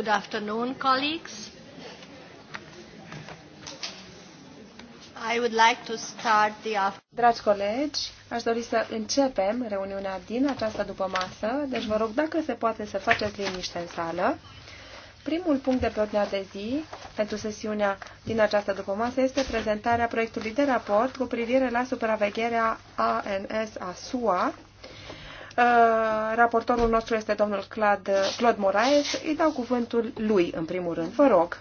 Good afternoon, colleagues. I would like to start the Dragi colegi, aș dori să începem reuniunea din această dupămasă, deci vă rog dacă se poate să faceți liniște în sală. Primul punct de pe ordinea de zi pentru sesiunea din această dupămasă este prezentarea proiectului de raport cu privire la supravegherea ANS a SUA Uh, raportorul nostru este domnul Claude, Claude Moraes. Îi dau cuvântul lui, în primul rând. Vă rog.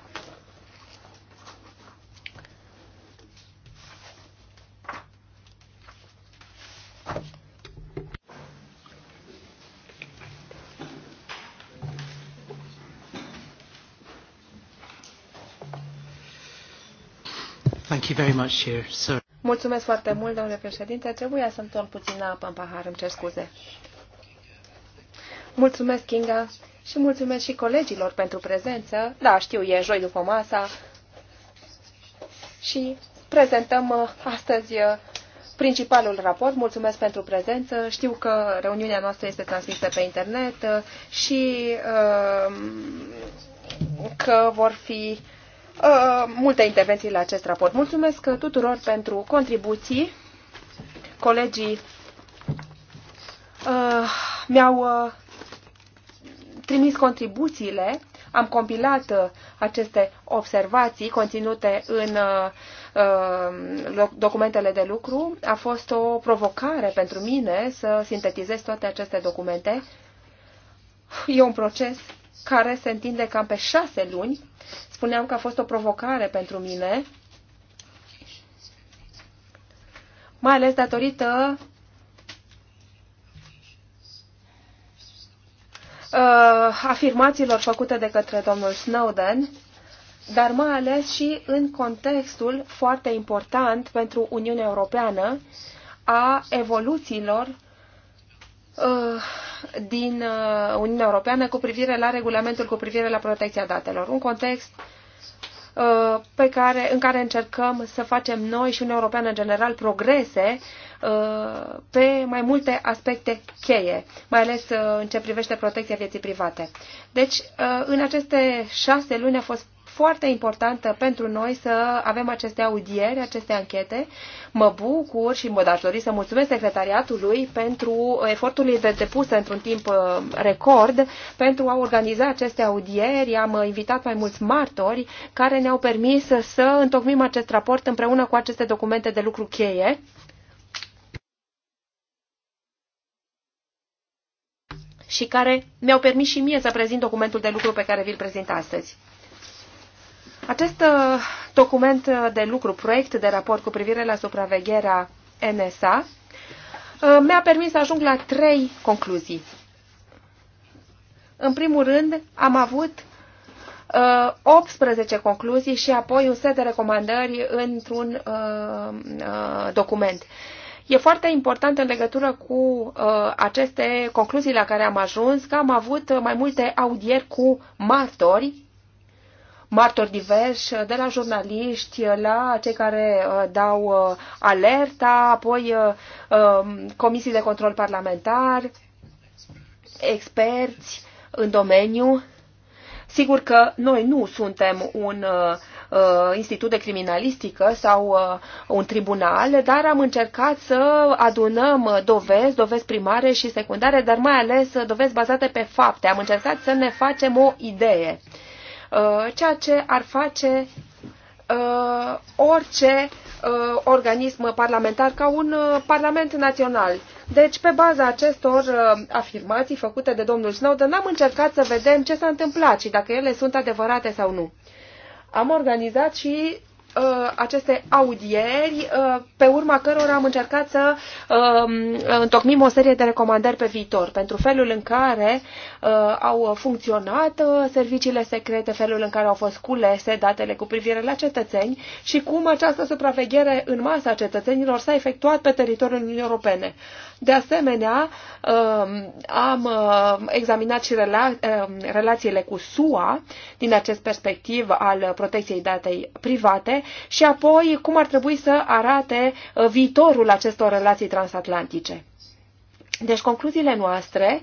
Thank you very much, Chair. So, Mulțumesc foarte mult, domnule președinte. Trebuia să-mi torn puțin apă în pahar, îmi cer scuze. Mulțumesc, Kinga, și mulțumesc și colegilor pentru prezență. Da, știu, e joi după masa. Și prezentăm uh, astăzi uh, principalul raport. Mulțumesc pentru prezență. Știu că reuniunea noastră este transmisă pe internet uh, și că vor fi Uh, multe intervenții la acest raport. Mulțumesc tuturor pentru contribuții. Colegii uh, mi-au uh, trimis contribuțiile. Am compilat uh, aceste observații conținute în uh, uh documentele de lucru. A fost o provocare pentru mine să sintetizez toate aceste documente. E un proces care se întinde cam pe șase luni. Spuneam că a fost o provocare pentru mine, mai ales datorită uh, afirmațiilor făcute de către domnul Snowden, dar mai ales și în contextul foarte important pentru Uniunea Europeană a evoluțiilor Uh, din uh, Uniunea Europeană cu privire la regulamentul cu privire la protecția datelor. Un context uh, pe care, în care încercăm să facem noi și Uniunea Europeană în general progrese pe mai multe aspecte cheie, mai ales în ce privește protecția vieții private. Deci, în aceste șase luni a fost foarte important pentru noi să avem aceste audieri, aceste anchete. Mă bucur și mă aș dori să mulțumesc secretariatului pentru eforturile de depuse într-un timp uh, record pentru a organiza aceste audieri. Am invitat mai mulți martori care ne-au permis să întocmim acest raport împreună cu aceste documente de lucru cheie. și care mi-au permis și mie să prezint documentul de lucru pe care vi-l prezint astăzi. Acest uh, document uh, de lucru, proiect de raport cu privire la supravegherea NSA, uh, mi-a permis să ajung la trei concluzii. În primul rând, am avut 18 concluzii și apoi un set de recomandări într-un document. E foarte important în legătură cu uh, aceste concluzii la care am ajuns că am avut mai multe audieri cu martori martori diversi, de la jurnaliști, la cei care uh, dau uh, alerta, apoi uh, um, comisii de control parlamentar, experți în domeniu. Sigur că noi nu suntem un uh, institut de criminalistică sau uh, un tribunal, dar am încercat să adunăm dovezi, dovezi primare și secundare, dar mai ales dovezi bazate pe fapte. Am încercat să ne facem o idee. Uh, Uh, ceea ce ar face uh, orice uh, organism parlamentar ca un parlament național. Deci, pe baza acestor afirmații făcute de domnul Snowden, am încercat să vedem ce s-a întâmplat și dacă ele sunt adevărate sau nu. Am organizat și aceste audieri, pe urma cărora am încercat să um, întocmim o serie de recomandări pe viitor pentru felul în care Uh, au funcționat uh, serviciile secrete, felul în care au fost culese datele cu privire la cetățeni și cum această supraveghere în masă a cetățenilor s-a efectuat pe teritoriul Uniunii Europene. De asemenea, um, am uh, examinat și rela um, relațiile cu SUA din acest perspectiv al protecției datei private și apoi cum ar trebui să arate viitorul acestor relații transatlantice. Deci concluziile noastre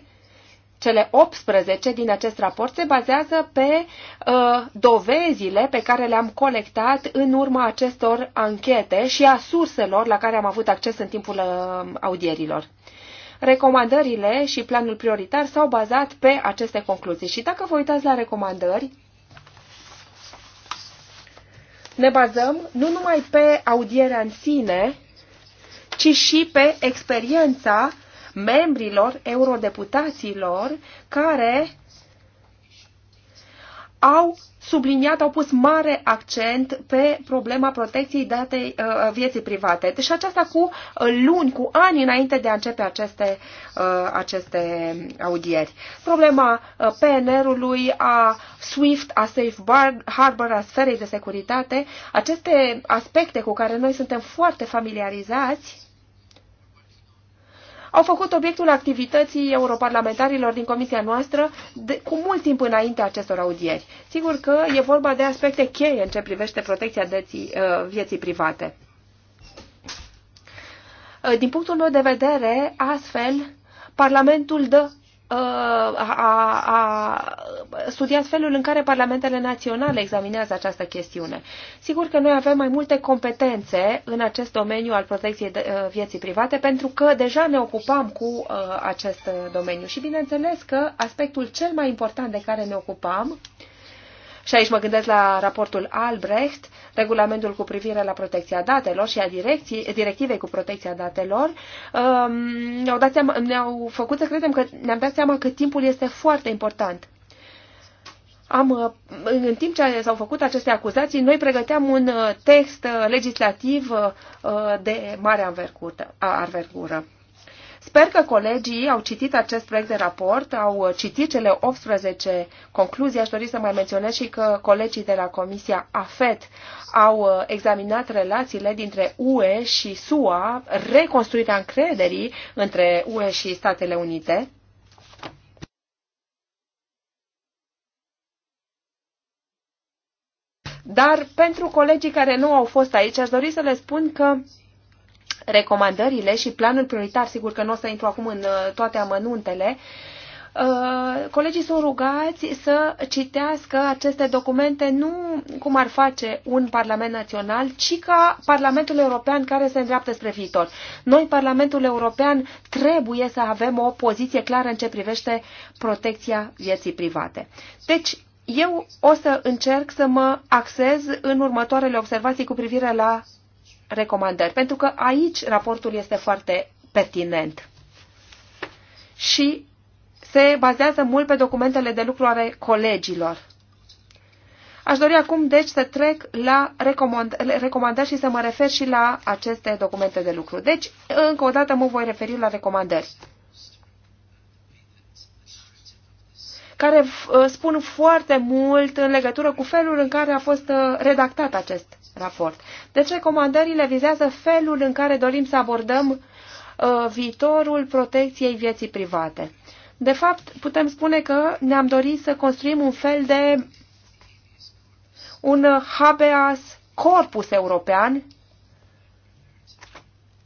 cele 18 din acest raport se bazează pe uh, dovezile pe care le-am colectat în urma acestor anchete și a surselor la care am avut acces în timpul uh, audierilor. Recomandările și planul prioritar s-au bazat pe aceste concluzii. Și dacă vă uitați la recomandări, ne bazăm nu numai pe audierea în sine, ci și pe experiența membrilor, eurodeputaților, care au subliniat, au pus mare accent pe problema protecției datei uh, vieții private. Deci aceasta cu uh, luni, cu ani înainte de a începe aceste, uh, aceste audieri. Problema PNR-ului, a SWIFT, a Safe Harbor, a sferei de securitate, aceste aspecte cu care noi suntem foarte familiarizați, au făcut obiectul activității europarlamentarilor din comisia noastră de, cu mult timp înainte acestor audieri. Sigur că e vorba de aspecte cheie în ce privește protecția deții, uh, vieții private. Uh, din punctul meu de vedere, astfel, Parlamentul dă Uh, a, a studiat felul în care parlamentele naționale examinează această chestiune. Sigur că noi avem mai multe competențe în acest domeniu al protecției uh, vieții private pentru că deja ne ocupam cu uh, acest domeniu și bineînțeles că aspectul cel mai important de care ne ocupam și aici mă gândesc la raportul Albrecht, regulamentul cu privire la protecția datelor și a directivei cu protecția datelor, um, ne-au, dat seama, ne-au făcut să credem că ne-am dat seama că timpul este foarte important. Am, uh, în timp ce s-au făcut aceste acuzații, noi pregăteam un uh, text uh, legislativ de mare anvergură. Sper că colegii au citit acest proiect de raport, au citit cele 18 concluzii. Aș dori să mai menționez și că colegii de la Comisia AFET au uh, examinat relațiile dintre UE și SUA, reconstruirea încrederii între UE și Statele Unite. Dar pentru colegii care nu au fost aici, aș dori să le spun că recomandările și planul prioritar, sigur că nu o să intru acum în uh, toate amănuntele, uh, colegii sunt rugați să citească aceste documente nu cum ar face un Parlament Național, ci ca Parlamentul European care se îndreaptă spre viitor. Noi, Parlamentul European, trebuie să avem o poziție clară în ce privește protecția vieții private. Deci, eu o să încerc să mă axez în următoarele observații cu privire la recomandări, pentru că aici raportul este foarte pertinent și se bazează mult pe documentele de lucru ale colegilor. Aș dori acum, deci, să trec la recomandări și să mă refer și la aceste documente de lucru. Deci, încă o dată mă voi referi la recomandări, care uh, spun foarte mult în legătură cu felul în care a fost uh, redactat acest raport. Deci recomandările vizează felul în care dorim să abordăm uh, viitorul protecției vieții private. De fapt, putem spune că ne-am dorit să construim un fel de un habeas corpus european.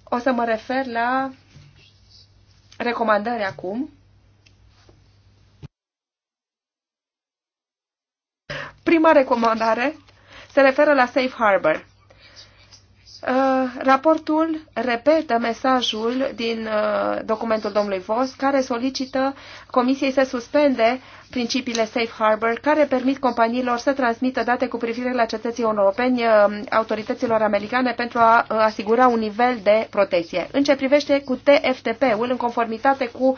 O să mă refer la recomandări acum. Prima recomandare se referă la Safe Harbor. Uh, raportul repetă mesajul din uh, documentul domnului Vos, care solicită Comisiei să suspende principiile Safe Harbor, care permit companiilor să transmită date cu privire la cetății europeni uh, autorităților americane pentru a asigura un nivel de protecție. În ce privește cu TFTP-ul, în conformitate cu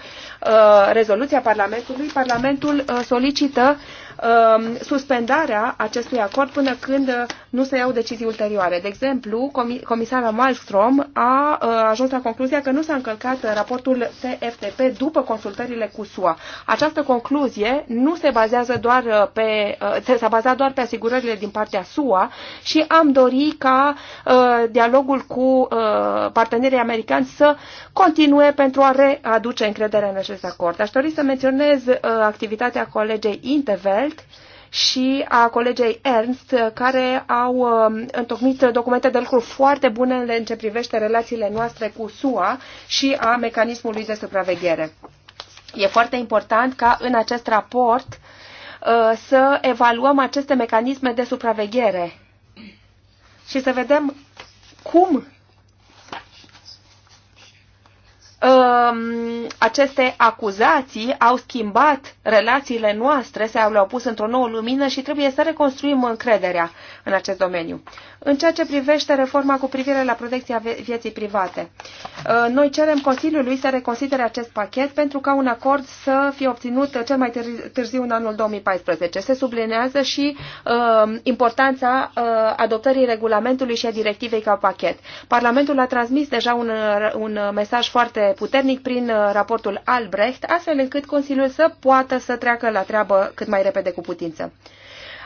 rezoluția Parlamentului, Parlamentul solicită Um, suspendarea acestui acord până când nu se iau decizii ulterioare. De exemplu, comisara Malmström a uh, ajuns la concluzia că nu s-a încălcat raportul TFTP după consultările cu SUA. Această concluzie nu se bazează doar uh, pe, uh, s-a bazat doar pe asigurările din partea SUA și am dori ca dialogul cu partenerii americani să continue pentru a readuce încrederea în acest acord. Aș dori să menționez activitatea colegei Intervel Intveld și a colegei Ernst, care au um, întocmit documente de lucru foarte bune în ce privește relațiile noastre cu SUA și a mecanismului de supraveghere. E foarte important ca în acest raport uh, să evaluăm aceste mecanisme de supraveghere și să vedem cum Ehm, aceste acuzații au schimbat relațiile noastre, se le-au pus într-o nouă lumină și trebuie să reconstruim încrederea în acest domeniu. În ceea ce privește reforma cu privire la protecția vieții private, eh, noi cerem Consiliului să reconsidere acest pachet pentru ca un acord să fie obținut cel mai târziu în anul 2014. Se sublinează și uh, importanța uh, adoptării regulamentului și a directivei ca pachet. Parlamentul a transmis deja un, un mesaj foarte puternic prin uh, raportul Albrecht, astfel încât Consiliul să poată să treacă la treabă cât mai repede cu putință.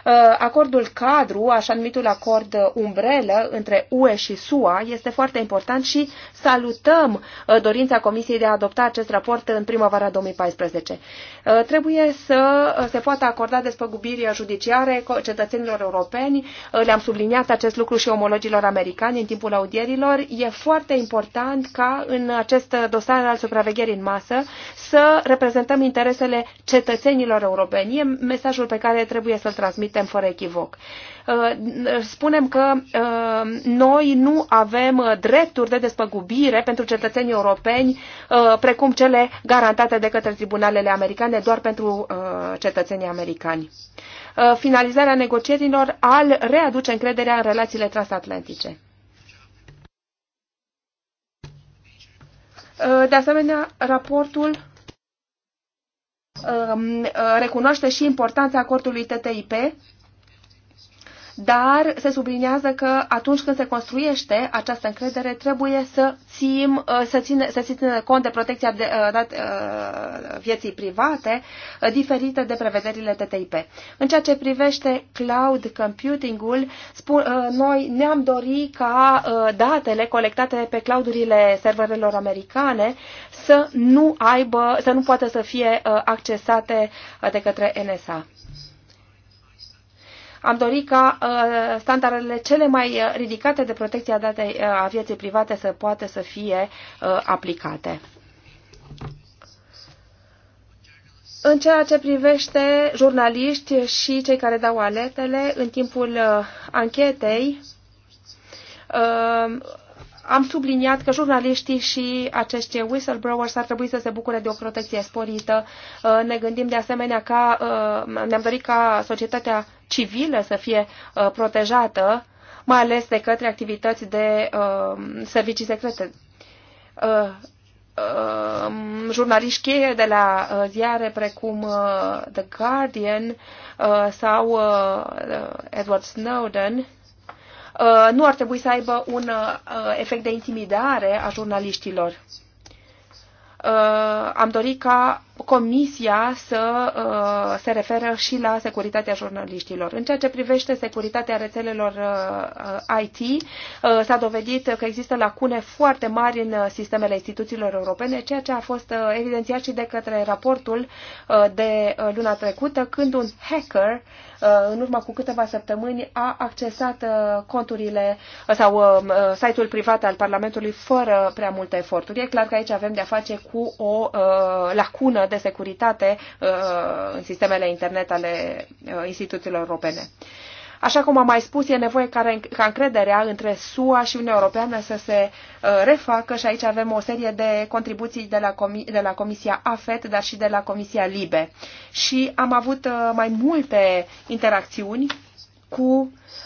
Uh, acordul cadru, așa numitul acord umbrelă între UE și SUA, este foarte important și salutăm uh, dorința Comisiei de a adopta acest raport în primăvara 2014. Uh, trebuie să se poată acorda despăgubiri judiciare cetățenilor europeni. Le-am subliniat acest lucru și omologilor americani în timpul audierilor. E foarte important ca în acest dosar al supravegherii în masă să reprezentăm interesele cetățenilor europeni. E mesajul pe care trebuie să-l transmit suntem fără echivoc. Uh, spunem că uh, noi nu avem uh, drepturi de despăgubire pentru cetățenii europeni precum cele garantate de către tribunalele americane doar pentru cetățenii americani. Finalizarea negocierilor al readuce încrederea în relațiile transatlantice. De asemenea, raportul Um, uh, recunoaște și importanța acordului TTIP dar se subliniază că atunci când se construiește această încredere, trebuie să, țin uh, să, țin, să țin cont de protecția de, uh, de, uh, vieții private, diferită de prevederile TTIP. În ceea ce privește cloud computing-ul, noi ne-am dorit ca datele colectate pe cloudurile serverelor americane să nu aibă, să nu poată să fie accesate de către NSA. Am dorit ca uh, standardele cele mai uh, ridicate de protecție a, datei, uh, a vieții private să poată să fie uh, aplicate. În ceea ce privește jurnaliști și cei care dau aletele, în timpul uh, anchetei, uh, am subliniat că jurnaliștii și acești whistleblowers ar trebui să se bucure de o protecție sporită. Uh, ne gândim de asemenea ca, uh, ne-am dorit ca societatea civilă să fie uh, protejată, mai ales de către activități de uh, servicii secrete uh, jurnaliști cheie de la ziare precum The Guardian sau Edward Snowden nu ar trebui să aibă un efect de intimidare a jurnaliștilor. Am dorit ca Comisia să uh, se referă și la securitatea jurnaliștilor. În ceea ce privește securitatea rețelelor uh, IT, uh, s-a dovedit că există lacune foarte mari în sistemele instituțiilor europene, ceea ce a fost uh, evidențiat și de către raportul uh, de uh, luna trecută, când un hacker uh, în urmă cu câteva săptămâni a accesat uh, conturile uh, sau uh, site-ul privat al Parlamentului fără prea multe eforturi. E clar că aici avem de-a face cu o lacună de securitate uh, în sistemele internet ale uh, instituțiilor europene. Așa cum am mai spus, e nevoie ca, ca încrederea între SUA și Uniunea Europeană să se uh, refacă și aici avem o serie de contribuții de la, comi de la Comisia AFET, dar și de la Comisia LIBE. Și am avut uh, mai multe interacțiuni cu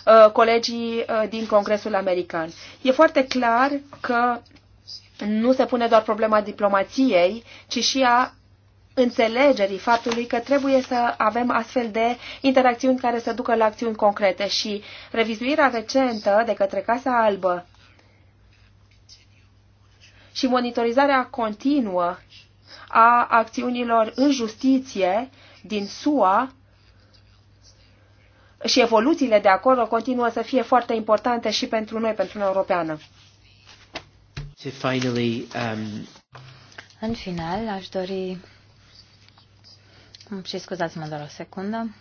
uh, colegii uh, din Congresul American. E foarte clar că nu se pune doar problema diplomației, ci și a înțelegerii faptului că trebuie să avem astfel de interacțiuni care să ducă la acțiuni concrete și revizuirea recentă de către Casa Albă și monitorizarea continuă a acțiunilor în justiție din SUA și evoluțiile de acolo continuă să fie foarte importante și pentru noi, pentru noi Europeană. Um, în final, aș dori și scuzați-mă doar o secundă.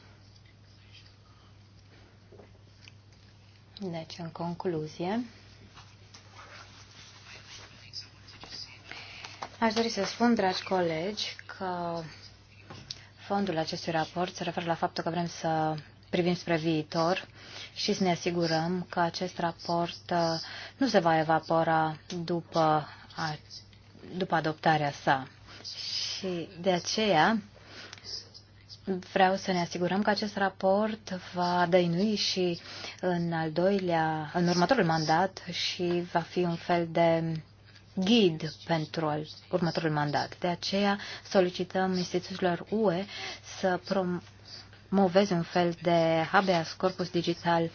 Deci, în concluzie, aș dori să spun, dragi colegi, că fondul acestui raport se referă la faptul că vrem să privim spre viitor și să ne asigurăm că acest raport uh, nu se va evapora după, după adoptarea sa. Și de aceea vreau să ne asigurăm că acest raport va dăinui și în al doilea, în următorul mandat și va fi un fel de ghid pentru următorul mandat. De aceea solicităm instituțiilor UE să promoveze un fel de habeas corpus digital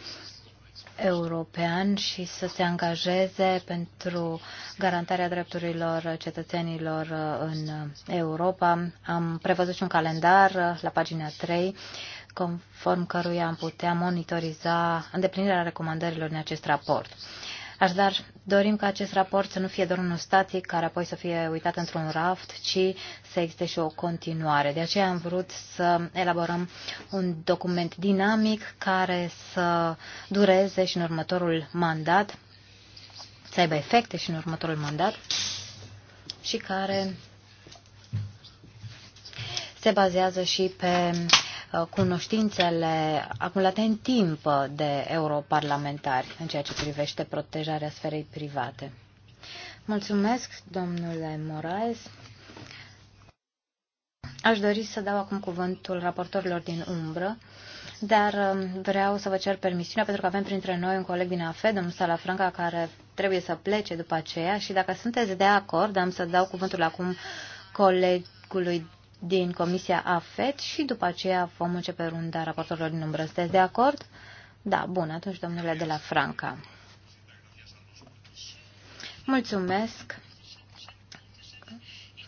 european și să se angajeze pentru garantarea drepturilor cetățenilor în Europa. Am prevăzut și un calendar la pagina 3 conform căruia am putea monitoriza îndeplinirea recomandărilor în acest raport. Așadar, dorim ca acest raport să nu fie doar unul static, care apoi să fie uitat într-un raft, ci să existe și o continuare. De aceea am vrut să elaborăm un document dinamic care să dureze și în următorul mandat, să aibă efecte și în următorul mandat și care se bazează și pe Uh, cunoștințele acumulate în timp de europarlamentari în ceea ce privește protejarea sferei private. Mulțumesc, domnule Moraes. Aș dori să dau acum cuvântul raportorilor din umbră, dar um, vreau să vă cer permisiunea pentru că avem printre noi un coleg din AFE, domnul Salafranca, care trebuie să plece după aceea și dacă sunteți de acord, am să dau cuvântul acum colegului din Comisia AFET și după aceea vom începe runda raportorilor din umbră. Sunteți de acord? Da, bun, atunci domnule de la Franca. Mulțumesc.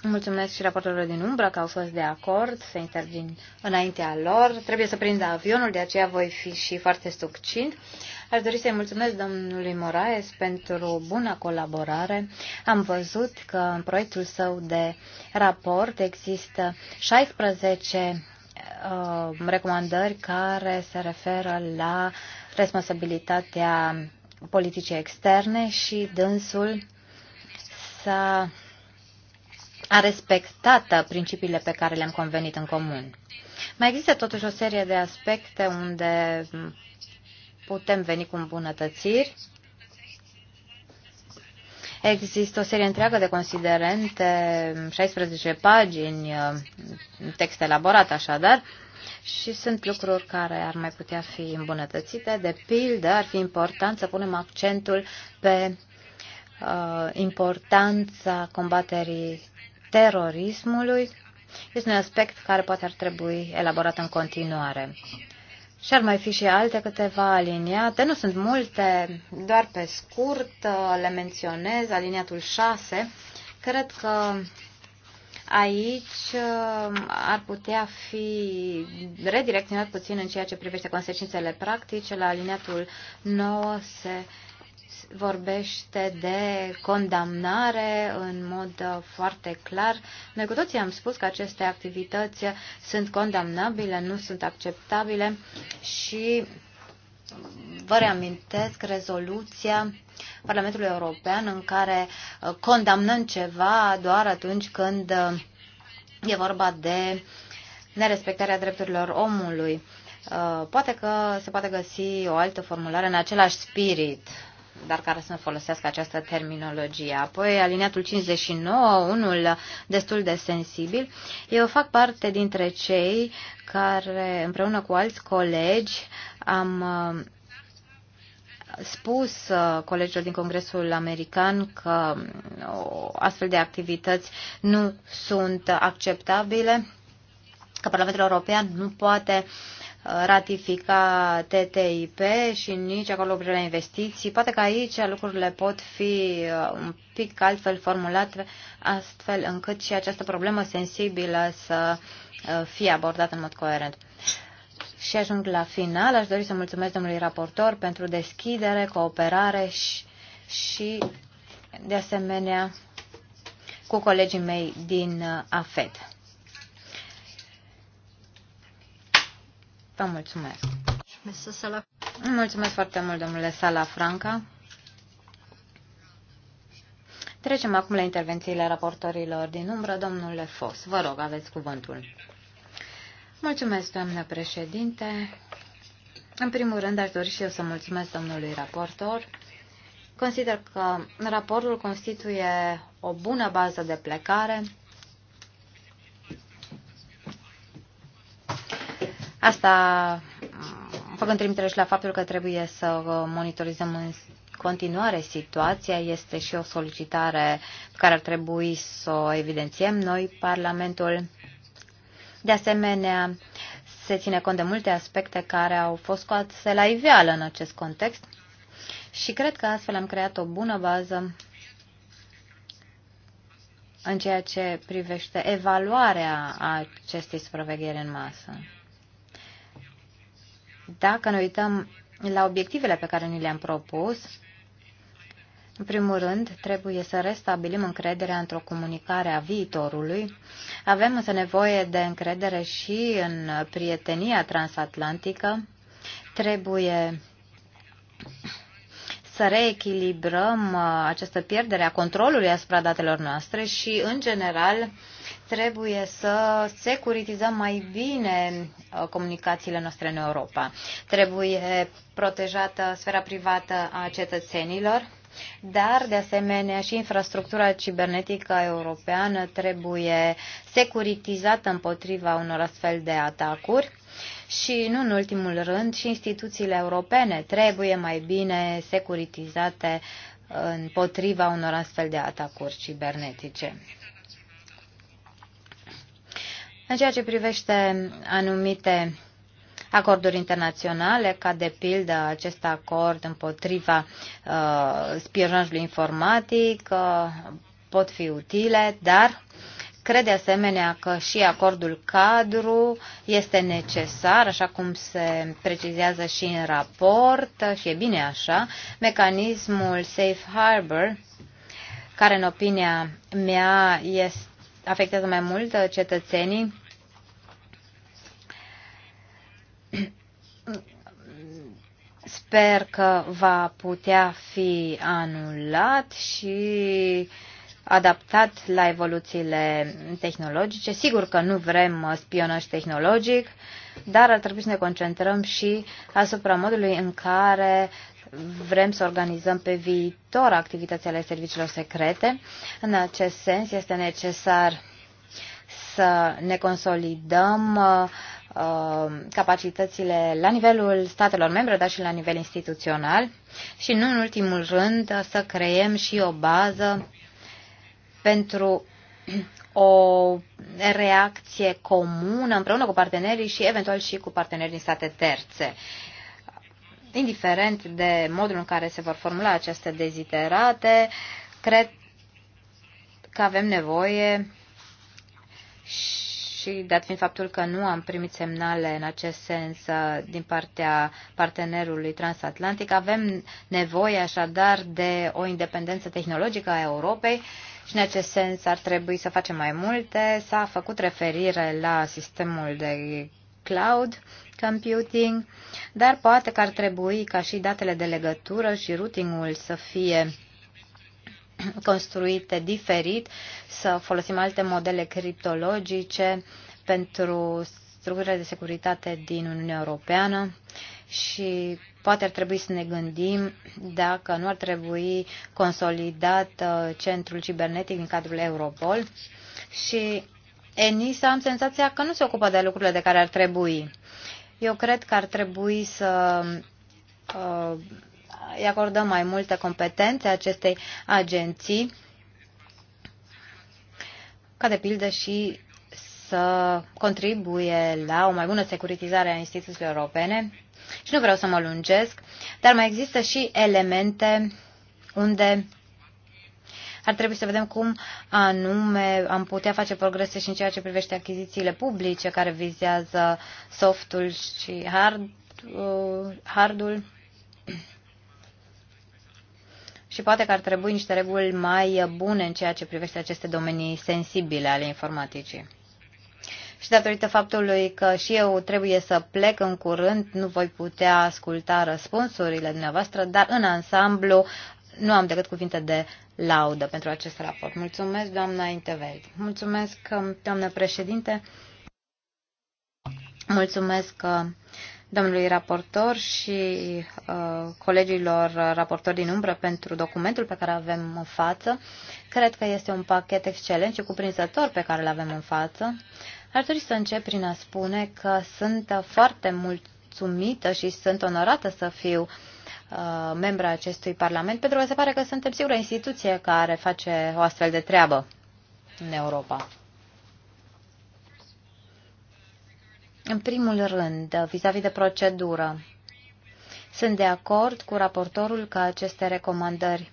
Mulțumesc și raportorilor din umbră că au fost de acord să intervin înaintea lor. Trebuie să prind avionul, de aceea voi fi și foarte succint. Aș dori să-i mulțumesc domnului Moraes pentru bună colaborare. Am văzut că în proiectul său de raport există 16 uh, recomandări care se referă la responsabilitatea politicii externe și dânsul s-a a respectat principiile pe care le-am convenit în comun. Mai există totuși o serie de aspecte unde putem veni cu îmbunătățiri. Există o serie întreagă de considerente, 16 pagini, text elaborat așadar, și sunt lucruri care ar mai putea fi îmbunătățite. De pildă, ar fi important să punem accentul pe uh, importanța combaterii terorismului. Este un aspect care poate ar trebui elaborat în continuare. Și ar mai fi și alte câteva aliniate. Nu sunt multe, doar pe scurt uh, le menționez. Aliniatul 6. Cred că aici uh, ar putea fi redirecționat puțin în ceea ce privește consecințele practice. La aliniatul 9 se vorbește de condamnare în mod uh, foarte clar. Noi cu toții am spus că aceste activități sunt condamnabile, nu sunt acceptabile și vă reamintesc rezoluția Parlamentului European în care uh, condamnăm ceva doar atunci când uh, e vorba de nerespectarea drepturilor omului. Poate că se poate găsi o altă formulare în același spirit dar care să folosească această terminologie. Apoi, aliniatul 59, unul destul de sensibil. Eu fac parte dintre cei care, împreună cu alți colegi, am uh, spus uh, colegilor din Congresul American că uh, astfel de activități nu sunt acceptabile, că Parlamentul European nu poate uh, ratifica TTIP și nici acolo la investiții. Poate că aici lucrurile pot fi uh, un pic altfel formulate, astfel încât și această problemă sensibilă să uh, fie abordată în mod coerent. Și ajung la final. Aș dori să mulțumesc domnului raportor pentru deschidere, cooperare și, și de asemenea, cu colegii mei din uh, AFED. Vă mulțumesc. Mulțumesc foarte mult, domnule Sala Franca. Trecem acum la intervențiile raportorilor din umbră. Domnule Fos, vă rog, aveți cuvântul. Mulțumesc, doamnă președinte. În primul rând, aș dori și eu să mulțumesc domnului raportor. Consider că raportul constituie o bună bază de plecare Asta uh, făcând trimitere și la faptul că trebuie să uh, monitorizăm în continuare situația, este și o solicitare pe care ar trebui să o evidențiem noi, Parlamentul. De asemenea, se ține cont de multe aspecte care au fost scoase la iveală în acest context și cred că astfel am creat o bună bază în ceea ce privește evaluarea acestei supraveghere în masă. Dacă ne uităm la obiectivele pe care ni le-am propus, în primul rând, trebuie să restabilim încrederea într-o comunicare a viitorului. Avem însă nevoie de încredere și în prietenia transatlantică. Trebuie să reechilibrăm uh, această pierdere a controlului asupra datelor noastre și, în general, trebuie să securitizăm mai bine uh, comunicațiile noastre în Europa. Trebuie protejată sfera privată a cetățenilor, dar, de asemenea, și infrastructura cibernetică europeană trebuie securitizată împotriva unor astfel de atacuri. Și, nu în ultimul rând, și instituțiile europene trebuie mai bine securitizate uh, împotriva unor astfel de atacuri cibernetice. În ceea ce privește anumite acorduri internaționale, ca de pildă acest acord împotriva uh, spionajului informatic, uh, pot fi utile, dar cred de asemenea că și acordul cadru este necesar, așa cum se precizează și în raport, uh, și e bine așa, mecanismul Safe Harbor, care în opinia mea este afectează mai mult uh, cetățenii. Sper că va putea fi anulat și adaptat la evoluțiile tehnologice. Sigur că nu vrem uh, spionaj tehnologic, dar ar trebui să ne concentrăm și asupra modului în care vrem să organizăm pe viitor activități ale serviciilor secrete. În acest sens este necesar să ne consolidăm uh, uh, capacitățile la nivelul statelor membre, dar și la nivel instituțional și nu în ultimul rând să creăm și o bază pentru o reacție comună împreună cu partenerii și eventual și cu partenerii din state terțe. Uh, indiferent de modul în care se vor formula aceste deziterate, cred că avem nevoie și dat fiind faptul că nu am primit semnale în acest sens uh, din partea partenerului transatlantic, avem nevoie așadar de o independență tehnologică a Europei și în acest sens ar trebui să facem mai multe. S-a făcut referire la sistemul de cloud computing, dar poate că ar trebui ca și datele de legătură și routingul să fie construite diferit, să folosim alte modele criptologice pentru structurile de securitate din Uniunea Europeană și poate ar trebui să ne gândim dacă nu ar trebui consolidat uh, centrul cibernetic din cadrul Europol și să am senzația că nu se ocupă de lucrurile de care ar trebui. Eu cred că ar trebui să uh, îi acordăm mai multe competențe acestei agenții, ca de pildă și să contribuie la o mai bună securitizare a instituțiilor europene. Și nu vreau să mă lungesc, dar mai există și elemente unde ar trebui să vedem cum anume am putea face progrese și în ceea ce privește achizițiile publice care vizează softul și hard, uh, hardul. Și poate că ar trebui niște reguli mai bune în ceea ce privește aceste domenii sensibile ale informaticii. Și datorită faptului că și eu trebuie să plec în curând, nu voi putea asculta răspunsurile dumneavoastră, dar în ansamblu nu am decât cuvinte de laudă pentru acest raport. Mulțumesc, doamna Intevel. Mulțumesc, doamnă președinte. Mulțumesc domnului raportor și uh, colegilor raportori din umbră pentru documentul pe care avem în față. Cred că este un pachet excelent și cuprinzător pe care îl avem în față. Ar trebui să încep prin a spune că sunt foarte mulțumită și sunt onorată să fiu uh, Uh, membra acestui Parlament, pentru că se pare că suntem singura instituție care face o astfel de treabă în Europa. În primul rând, vis-a-vis -vis de procedură, sunt de acord cu raportorul că aceste recomandări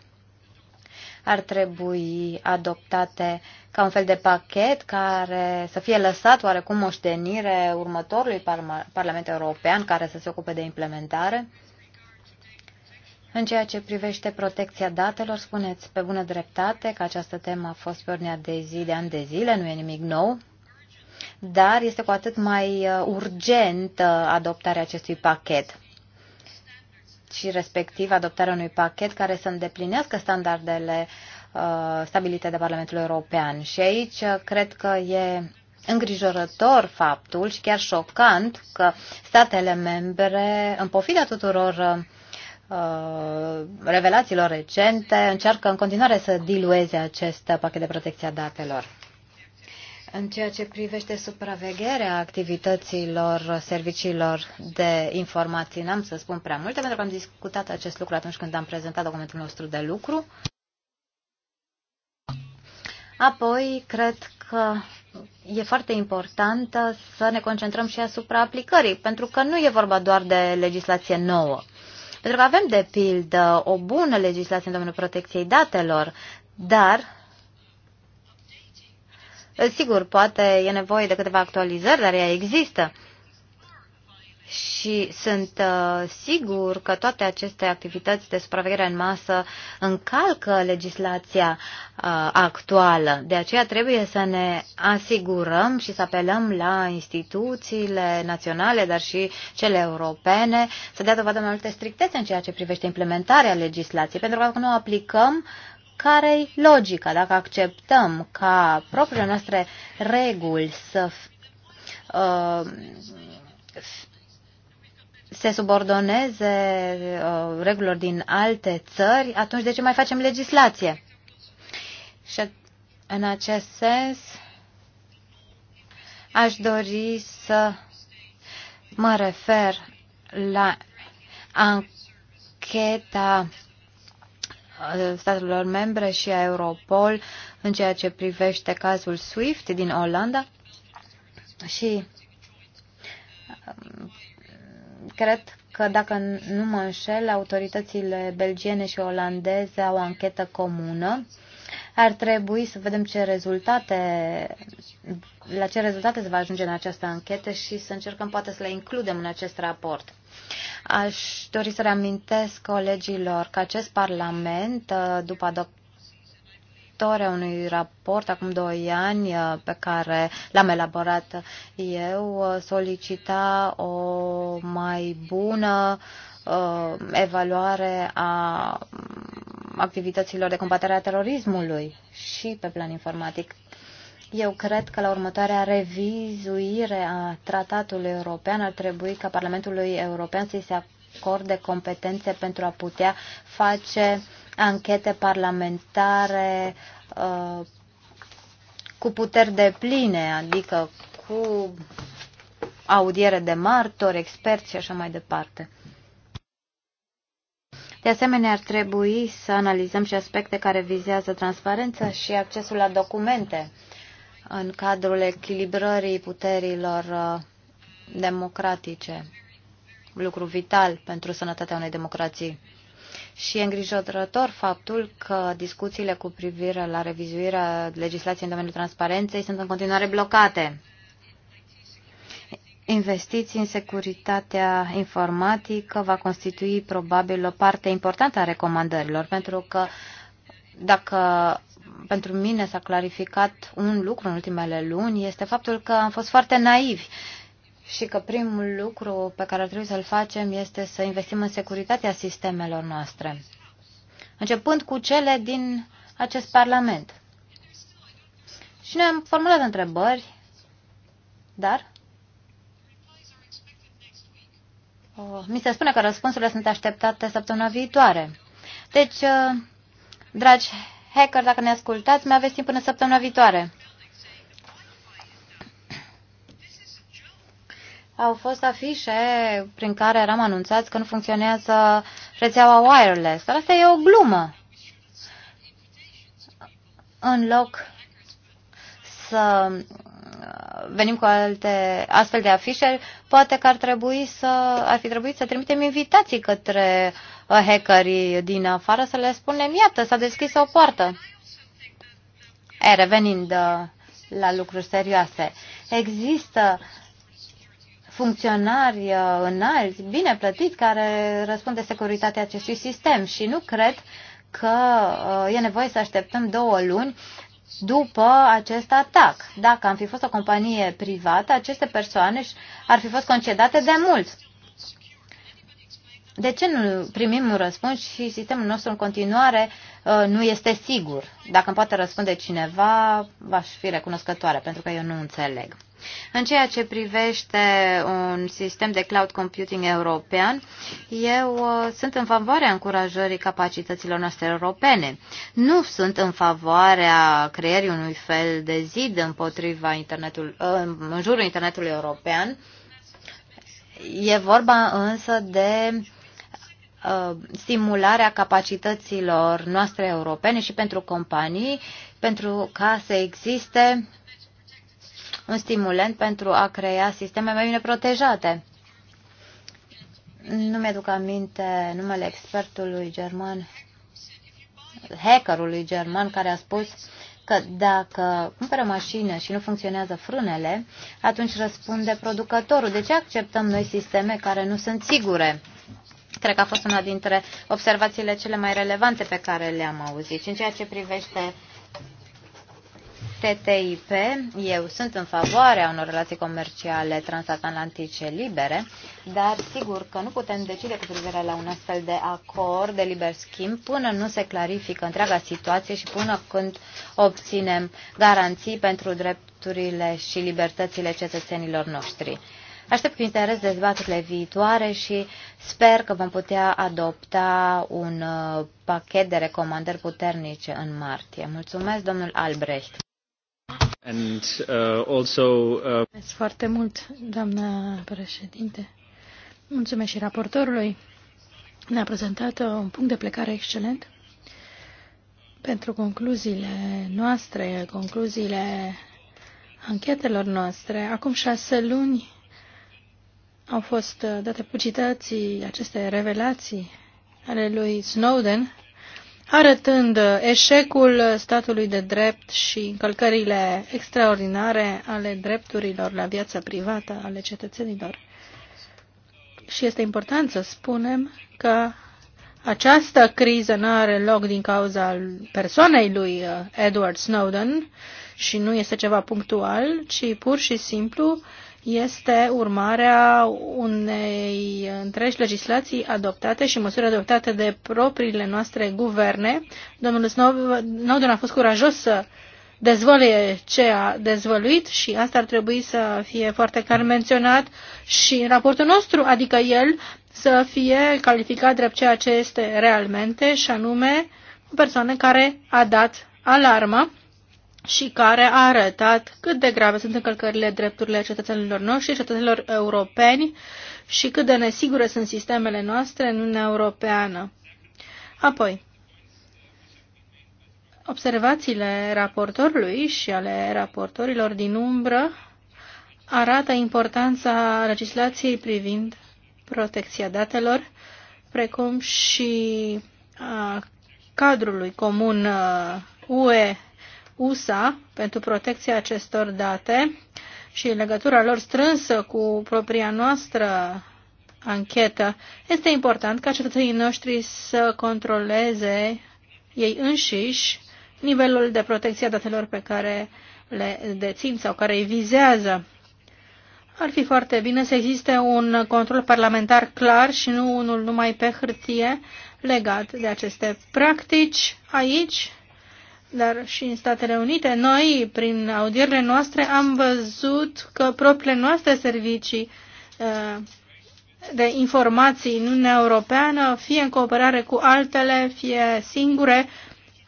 ar trebui adoptate ca un fel de pachet care să fie lăsat oarecum moștenire următorului Parlament European care să se ocupe de implementare. În ceea ce privește protecția datelor, spuneți pe bună dreptate că această temă a fost pe ordinea de zi de ani de zile, nu e nimic nou, dar este cu atât mai uh, urgent uh, adoptarea acestui pachet și respectiv adoptarea unui pachet care să îndeplinească standardele uh, stabilite de Parlamentul European. Și aici uh, cred că e îngrijorător faptul și chiar șocant că statele membre, în pofida tuturor uh, Uh, revelațiilor recente încearcă în continuare să dilueze acest pachet de protecție a datelor. În ceea ce privește supravegherea activităților serviciilor de informații, n-am să spun prea multe, pentru că am discutat acest lucru atunci când am prezentat documentul nostru de lucru. Apoi, cred că e foarte important să ne concentrăm și asupra aplicării, pentru că nu e vorba doar de legislație nouă. Pentru că avem, de pildă, o bună legislație în domeniul protecției datelor, dar Sigur, poate e nevoie de câteva actualizări, dar ea există și sunt uh, sigur că toate aceste activități de supraveghere în masă încalcă legislația uh, actuală. De aceea trebuie să ne asigurăm și să apelăm la instituțiile naționale, dar și cele europene, să dea dovadă mai multe strictețe în ceea ce privește implementarea legislației, pentru că dacă nu aplicăm, care-i logica? Dacă acceptăm ca propriile noastre reguli să uh, se subordoneze uh, regulilor din alte țări, atunci de ce mai facem legislație? Și în acest sens aș dori să mă refer la ancheta uh, statelor membre și a Europol în ceea ce privește cazul SWIFT din Olanda și um, cred că, dacă nu mă înșel, autoritățile belgiene și olandeze au o anchetă comună. Ar trebui să vedem ce rezultate, la ce rezultate se va ajunge în această anchetă și să încercăm poate să le includem în acest raport. Aș dori să reamintesc colegilor că acest Parlament, după adoptarea autoare a unui raport acum doi ani uh, pe care l-am elaborat eu, uh, solicita o mai bună uh, evaluare a mm, activităților de combatere a terorismului și pe plan informatic. Eu cred că la următoarea revizuire a tratatului european ar trebui ca Parlamentului European să-i se acorde competențe pentru a putea face uh, anchete parlamentare uh, cu puteri de pline, adică cu audiere de martori, experți și așa mai departe. De asemenea, ar trebui să analizăm și aspecte care vizează transparența și accesul la documente în cadrul echilibrării puterilor uh, democratice, lucru vital pentru sănătatea unei democrații și e îngrijorător faptul că discuțiile cu privire la revizuirea legislației în domeniul transparenței sunt în continuare blocate. Investiții în securitatea informatică va constitui probabil o parte importantă a recomandărilor, pentru că dacă pentru mine s-a clarificat un lucru în ultimele luni, este faptul că am fost foarte naivi și că primul lucru pe care ar trebui să-l facem este să investim în securitatea sistemelor noastre, începând cu cele din acest Parlament. Și noi am formulat întrebări, dar oh, mi se spune că răspunsurile sunt așteptate săptămâna viitoare. Deci, uh, dragi hacker, dacă ne ascultați, mai aveți timp până săptămâna viitoare. au fost afișe prin care eram anunțați nu funcționează rețeaua wireless. Dar asta e o glumă. În loc să venim cu alte astfel de afișe, poate că ar, trebui să, ar fi trebuit să trimitem invitații către uh, hackerii din afară să le spunem, iată, s-a deschis o poartă. E, revenind uh, la lucruri serioase, există funcționari uh, înalți, bine plătiți, care răspunde securitatea acestui sistem și nu cred că uh, e nevoie să așteptăm două luni după acest atac. Dacă am fi fost o companie privată, aceste persoane ar fi fost concedate de mult. De ce nu primim un răspuns și sistemul nostru în continuare uh, nu este sigur? Dacă îmi poate răspunde cineva, v-aș fi recunoscătoare, pentru că eu nu înțeleg. În ceea ce privește un sistem de cloud computing european, eu uh, sunt în favoarea încurajării capacităților noastre europene. Nu sunt în favoarea creierii unui fel de zid împotriva internetul, uh, în jurul internetului european. E vorba însă de uh, stimularea capacităților noastre europene și pentru companii, pentru ca să existe un stimulent pentru a crea sisteme mai bine protejate. Nu mi-aduc aminte numele expertului german, hackerului german, care a spus că dacă cumpără mașină și nu funcționează frânele, atunci răspunde producătorul. De deci ce acceptăm noi sisteme care nu sunt sigure? Cred că a fost una dintre observațiile cele mai relevante pe care le-am auzit. Și în ceea ce privește TTIP, eu sunt în favoarea unor relații comerciale transatlantice libere, dar sigur că nu putem decide cu privire la un astfel de acord de liber schimb până nu se clarifică întreaga situație și până când obținem garanții pentru drepturile și libertățile cetățenilor noștri. Aștept cu interes dezbaterile viitoare și sper că vom putea adopta un uh, pachet de recomandări puternice în martie. Mulțumesc, domnul Albrecht. And uh, also. Uh... foarte mult, doamnă președinte. Mulțumesc și raportorului. Ne-a prezentat uh, un punct de plecare excelent pentru concluziile noastre, concluziile anchetelor noastre. Acum șase luni au fost uh, date publicității aceste revelații ale lui Snowden arătând eșecul statului de drept și încălcările extraordinare ale drepturilor la viața privată ale cetățenilor. Și este important să spunem că această criză nu are loc din cauza persoanei lui uh, Edward Snowden și nu este ceva punctual, ci pur și simplu este urmarea unei întregi legislații adoptate și măsuri adoptate de propriile noastre guverne. Domnul Snowden a fost curajos să dezvăluie ce a dezvăluit și asta ar trebui să fie foarte clar menționat și în raportul nostru, adică el să fie calificat drept ceea ce este realmente și anume o persoană care a dat alarmă și care a arătat cât de grave sunt încălcările drepturile cetățenilor noștri, cetățenilor europeni și cât de nesigure sunt sistemele noastre în Uniunea Europeană. Apoi, observațiile raportorului și ale raportorilor din umbră arată importanța legislației privind protecția datelor, precum și a cadrului comun uh, UE USA pentru protecția acestor date și legătura lor strânsă cu propria noastră anchetă, este important ca cetățenii noștri să controleze ei înșiși nivelul de protecție a datelor pe care le dețin sau care îi vizează. Ar fi foarte bine să existe un control parlamentar clar și nu unul numai pe hârtie legat de aceste practici. Aici dar și în Statele Unite. Noi, prin audierile noastre, am văzut că propriile noastre servicii uh, de informații în Uniunea Europeană, fie în cooperare cu altele, fie singure,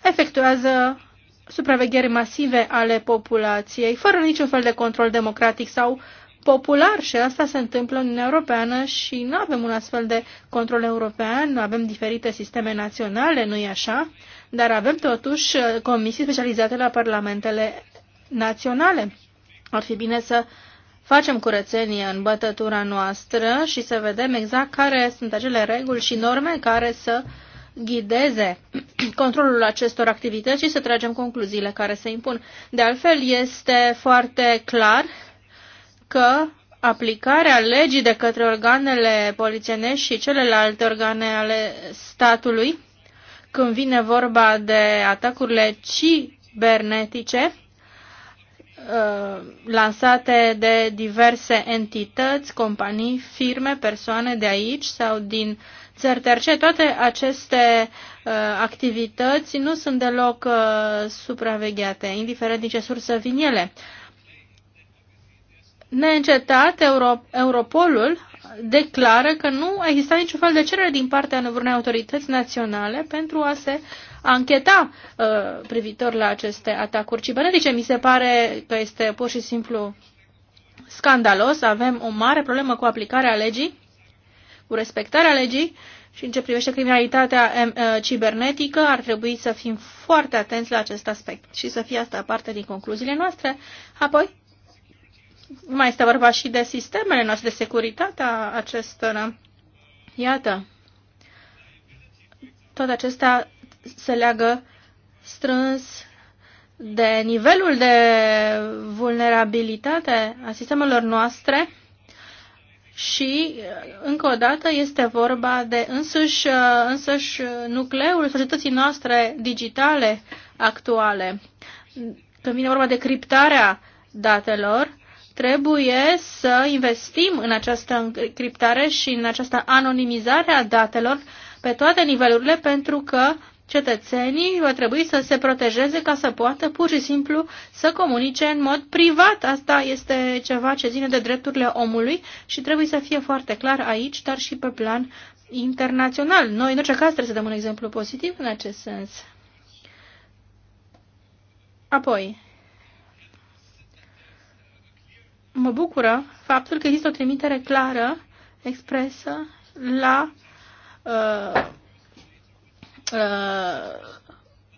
efectuează supravegheri masive ale populației, fără niciun fel de control democratic sau popular și asta se întâmplă în Uniunea Europeană și nu avem un astfel de control european, avem diferite sisteme naționale, nu-i așa? dar avem totuși uh, comisii specializate la parlamentele naționale. Ar fi bine să facem curățenie în bătătura noastră și să vedem exact care sunt acele reguli și norme care să ghideze controlul acestor activități și să tragem concluziile care se impun. De altfel, este foarte clar că aplicarea legii de către organele polițienești și celelalte organe ale statului când vine vorba de atacurile cibernetice uh, lansate de diverse entități, companii, firme, persoane de aici sau din țări terce, toate aceste uh, activități nu sunt deloc uh, supravegheate, indiferent din ce sursă vin ele neîncetat Euro, Europolul declară că nu a existat niciun fel de cerere din partea unei autorități naționale pentru a se ancheta uh, privitor la aceste atacuri cibernetice. Mi se pare că este pur și simplu scandalos. Avem o mare problemă cu aplicarea legii, cu respectarea legii și în ce privește criminalitatea uh, cibernetică ar trebui să fim foarte atenți la acest aspect și să fie asta parte din concluziile noastre. Apoi, mai este vorba și de sistemele noastre, de securitatea acestora. Iată, tot acestea se leagă strâns de nivelul de vulnerabilitate a sistemelor noastre și, încă o dată, este vorba de însuși, însuși nucleul societății noastre digitale actuale. Când vine vorba de criptarea datelor, Trebuie să investim în această încriptare și în această anonimizare a datelor pe toate nivelurile pentru că cetățenii va trebui să se protejeze ca să poată pur și simplu să comunice în mod privat. Asta este ceva ce ține de drepturile omului și trebuie să fie foarte clar aici, dar și pe plan internațional. Noi, în orice caz, trebuie să dăm un exemplu pozitiv în acest sens. Apoi, mă bucură faptul că există o trimitere clară, expresă, la uh, uh,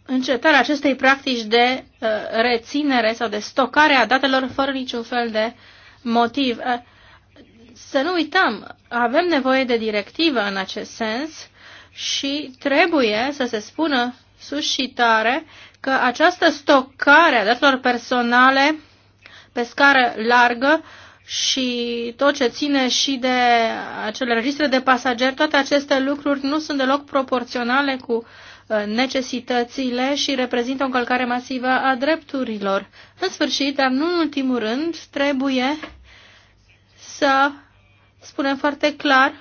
încetarea acestei practici de uh, reținere sau de stocare a datelor fără niciun fel de motiv. Uh, să nu uităm, avem nevoie de directivă în acest sens și trebuie să se spună sus și tare că această stocare a datelor personale pe scară largă și tot ce ține și de acele registre de pasageri, toate aceste lucruri nu sunt deloc proporționale cu uh, necesitățile și reprezintă o încălcare masivă a drepturilor. În sfârșit, dar nu în ultimul rând, trebuie să spunem foarte clar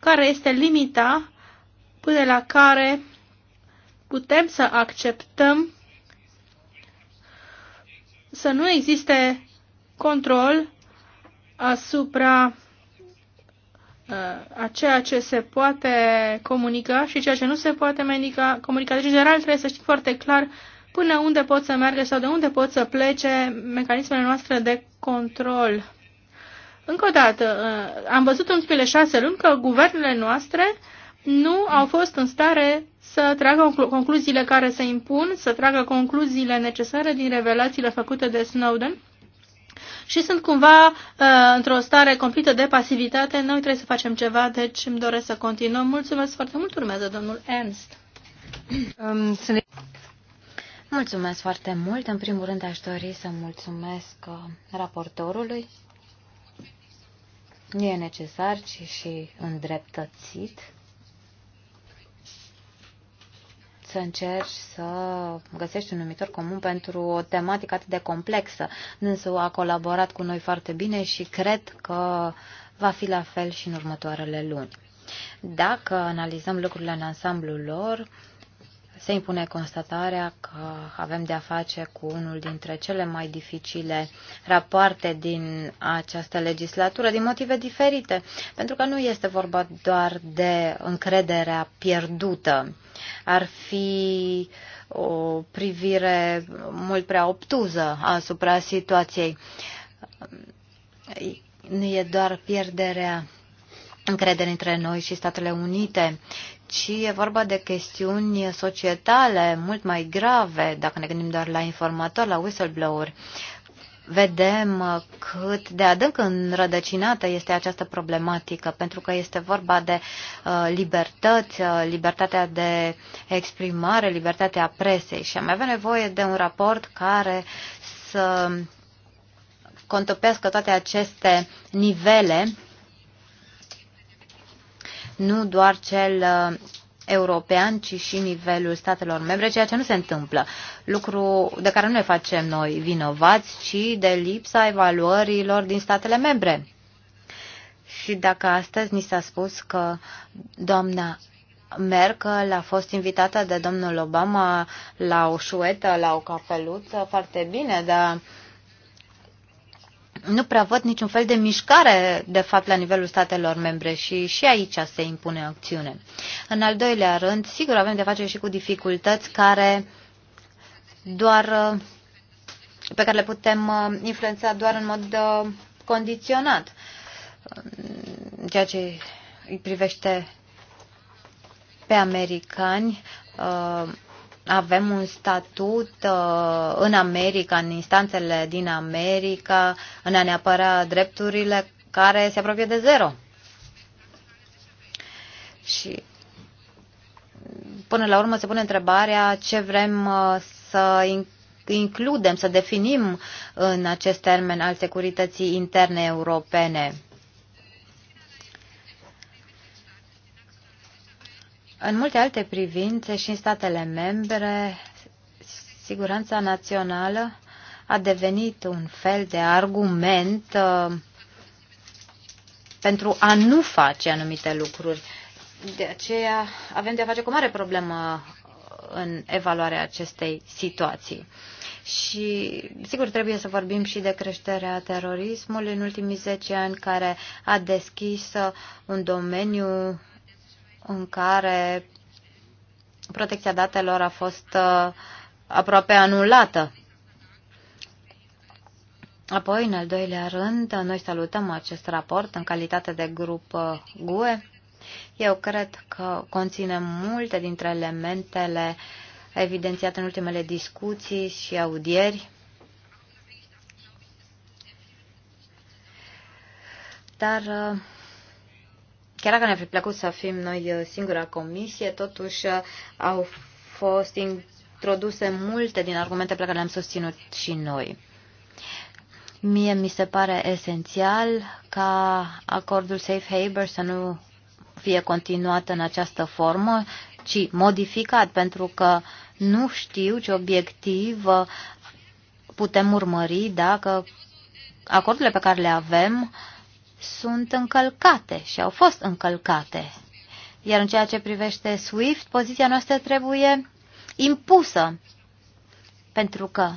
care este limita până la care putem să acceptăm să nu existe control asupra uh, a ceea ce se poate comunica și ceea ce nu se poate medica, comunica. Deci, în general, trebuie să știi foarte clar până unde pot să meargă sau de unde pot să plece mecanismele noastre de control. Încă o dată, uh, am văzut în ultimele șase luni că guvernele noastre uh, nu au fost în stare să tragă concluziile care se impun, să tragă concluziile necesare din revelațiile făcute de Snowden și sunt cumva uh, într-o stare completă de pasivitate. Noi trebuie să facem ceva, deci îmi doresc să continuăm. Mulțumesc foarte mult. Urmează domnul Ernst. Um, mulțumesc foarte mult. În primul rând aș dori să mulțumesc uh, raportorului. Nu e necesar, ci și îndreptățit să încerci să găsești un numitor comun pentru o tematică atât de complexă. Însă a colaborat cu noi foarte bine și cred că va fi la fel și în următoarele luni. Dacă analizăm lucrurile în ansamblul lor, se impune constatarea că avem de-a face cu unul dintre cele mai dificile rapoarte din această legislatură, din motive diferite, pentru că nu este vorba doar de încrederea pierdută. Ar fi o privire mult prea obtuză asupra situației. Nu e doar pierderea încredere între noi și Statele Unite, ci e vorba de chestiuni societale mult mai grave, dacă ne gândim doar la informator, la whistleblower. Vedem cât de adânc înrădăcinată este această problematică, pentru că este vorba de uh, libertăți, uh, libertatea de exprimare, libertatea presei și am avea nevoie de un raport care să contopească toate aceste nivele nu doar cel uh, european, ci și nivelul statelor membre, ceea ce nu se întâmplă. Lucru de care nu ne facem noi vinovați, ci de lipsa evaluărilor din statele membre. Și dacă astăzi ni s-a spus că doamna Merkel a fost invitată de domnul Obama la o șuetă, la o cafeluță, foarte bine, dar nu prea văd niciun fel de mișcare, de fapt, la nivelul statelor membre și și aici se impune acțiune. În al doilea rând, sigur, avem de face și cu dificultăți care doar uh, pe care le putem uh, influența doar în mod uh, condiționat. Ceea ce îi privește pe americani, avem un statut uh, în America, în instanțele din America, în a ne apăra drepturile care se apropie de zero. Și până la urmă se pune întrebarea ce vrem uh, să includem, să definim în acest termen al securității interne europene. În multe alte privințe și în statele membre, siguranța națională a devenit un fel de argument uh, pentru a nu face anumite lucruri. De aceea avem de a face cu o mare problemă uh, în evaluarea acestei situații. Și, sigur, trebuie să vorbim și de creșterea terorismului în ultimii 10 ani, care a deschis uh, un domeniu în care protecția datelor a fost uh, aproape anulată. Apoi, în al doilea rând, noi salutăm acest raport în calitate de grup uh, GUE. Eu cred că conține multe dintre elementele evidențiate în ultimele discuții și audieri. Dar uh, chiar dacă ne-ar fi plăcut să fim noi uh, singura comisie, totuși uh, au fost introduse multe din argumente pe care le-am susținut și noi. Mie mi se pare esențial ca acordul Safe Harbor să nu fie continuat în această formă, ci modificat, pentru că nu știu ce obiectiv uh, putem urmări dacă acordurile pe care le avem uh, sunt încălcate și au fost încălcate. Iar în ceea ce privește SWIFT, poziția noastră trebuie impusă, pentru că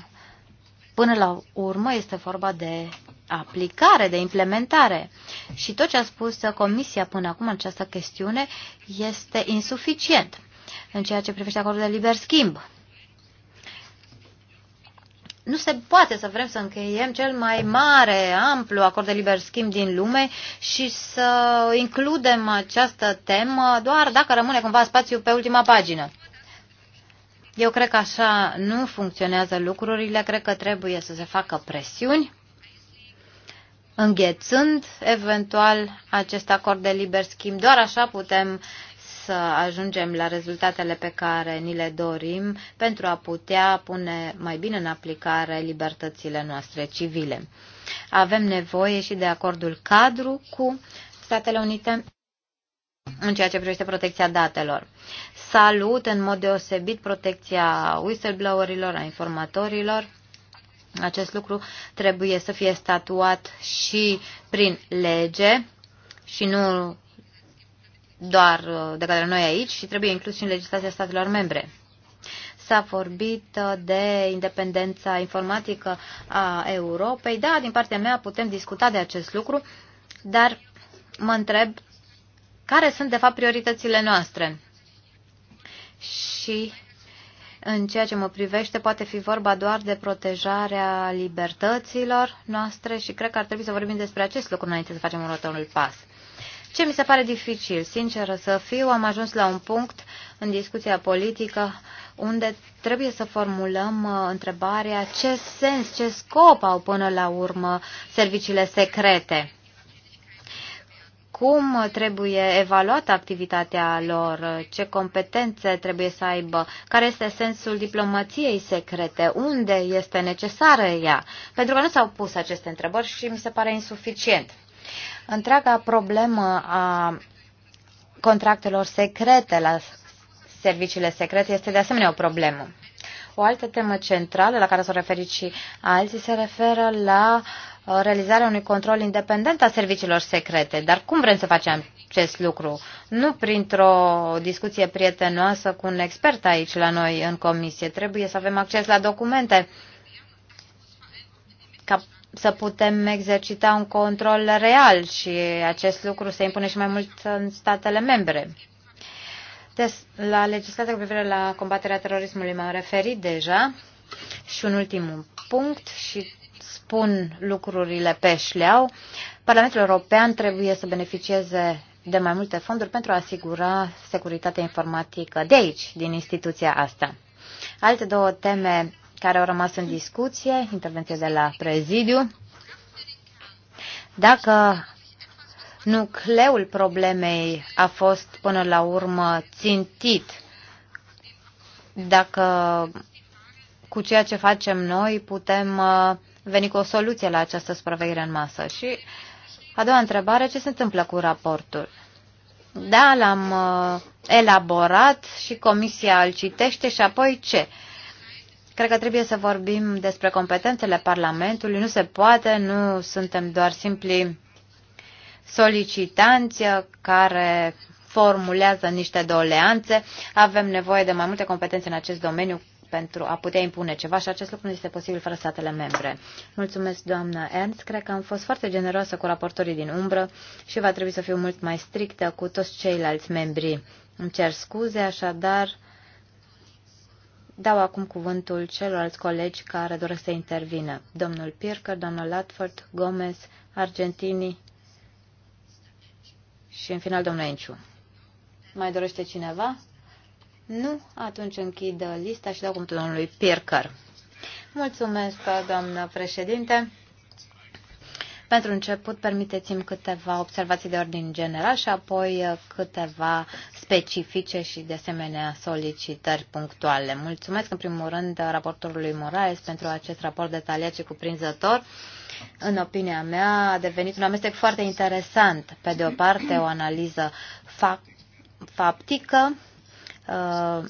până la urmă este vorba de aplicare, de implementare. Și tot ce a spus Comisia până acum în această chestiune este insuficient în ceea ce privește acordul de liber schimb nu se poate să vrem să încheiem cel mai mare, amplu acord de liber schimb din lume și să includem această temă doar dacă rămâne cumva spațiu pe ultima pagină. Eu cred că așa nu funcționează lucrurile, cred că trebuie să se facă presiuni, înghețând eventual acest acord de liber schimb. Doar așa putem să ajungem la rezultatele pe care ni le dorim pentru a putea pune mai bine în aplicare libertățile noastre civile. Avem nevoie și de acordul cadru cu Statele Unite în ceea ce privește protecția datelor. Salut în mod deosebit protecția whistleblowerilor, a informatorilor. Acest lucru trebuie să fie statuat și prin lege și nu doar uh, de către noi aici, și trebuie inclus și în legislația statelor membre. S-a vorbit uh, de independența informatică a Europei. Da, din partea mea putem discuta de acest lucru, dar mă întreb care sunt de fapt prioritățile noastre. Și în ceea ce mă privește, poate fi vorba doar de protejarea libertăților noastre și cred că ar trebui să vorbim despre acest lucru înainte să facem următorul pas. Ce mi se pare dificil, sinceră să fiu, am ajuns la un punct în discuția politică unde trebuie să formulăm uh, întrebarea ce sens, ce scop au până la urmă serviciile secrete cum trebuie evaluată activitatea lor, ce competențe trebuie să aibă, care este sensul diplomației secrete, unde este necesară ea. Pentru că nu s-au pus aceste întrebări și mi se pare insuficient. Întreaga problemă a contractelor secrete la serviciile secrete este de asemenea o problemă. O altă temă centrală la care s-au referit și alții se referă la uh, realizarea unui control independent a serviciilor secrete. Dar cum vrem să facem acest lucru? Nu printr-o discuție prietenoasă cu un expert aici la noi în comisie. Trebuie să avem acces la documente ca să putem exercita un control real și acest lucru se impune și mai mult în statele membre. Des, la legislația cu privire la combaterea terorismului m-am referit deja și un ultim punct și spun lucrurile pe șleau. Parlamentul European trebuie să beneficieze de mai multe fonduri pentru a asigura securitatea informatică de aici, din instituția asta. Alte două teme care au rămas în discuție, intervenție de la prezidiu. Dacă nucleul problemei a fost până la urmă țintit, dacă cu ceea ce facem noi putem uh, veni cu o soluție la această supraveghere în masă. Și a doua întrebare, ce se întâmplă cu raportul? Da, l-am uh, elaborat și comisia îl citește și apoi ce? Uh, Cred că trebuie să vorbim despre competențele Parlamentului. Nu se poate, nu suntem doar simpli solicitanți care formulează niște doleanțe. Avem nevoie de mai multe competențe în acest domeniu pentru a putea impune ceva și acest lucru nu este posibil fără statele membre. Mulțumesc, doamna Ernst. Cred că am fost foarte generoasă cu raportorii din umbră și va trebui să fiu mult mai strictă cu toți ceilalți membri. Îmi cer scuze, așadar. Dau acum cuvântul celorlalți colegi care doresc să intervină. Domnul Pircă, domnul Latford, Gomez, Argentini și în final domnul Enciu. Mai dorește cineva? Nu? Atunci închid lista și dau cuvântul domnului Pircăr. Mulțumesc, doamnă președinte. Pentru început, permiteți-mi câteva observații de ordin general și apoi uh, câteva specifice și de asemenea solicitări punctuale. Mulțumesc în primul rând raportorului Moraes pentru acest raport detaliat și cuprinzător. În opinia mea a devenit un amestec foarte interesant. Pe de o parte, o analiză fa- faptică, uh,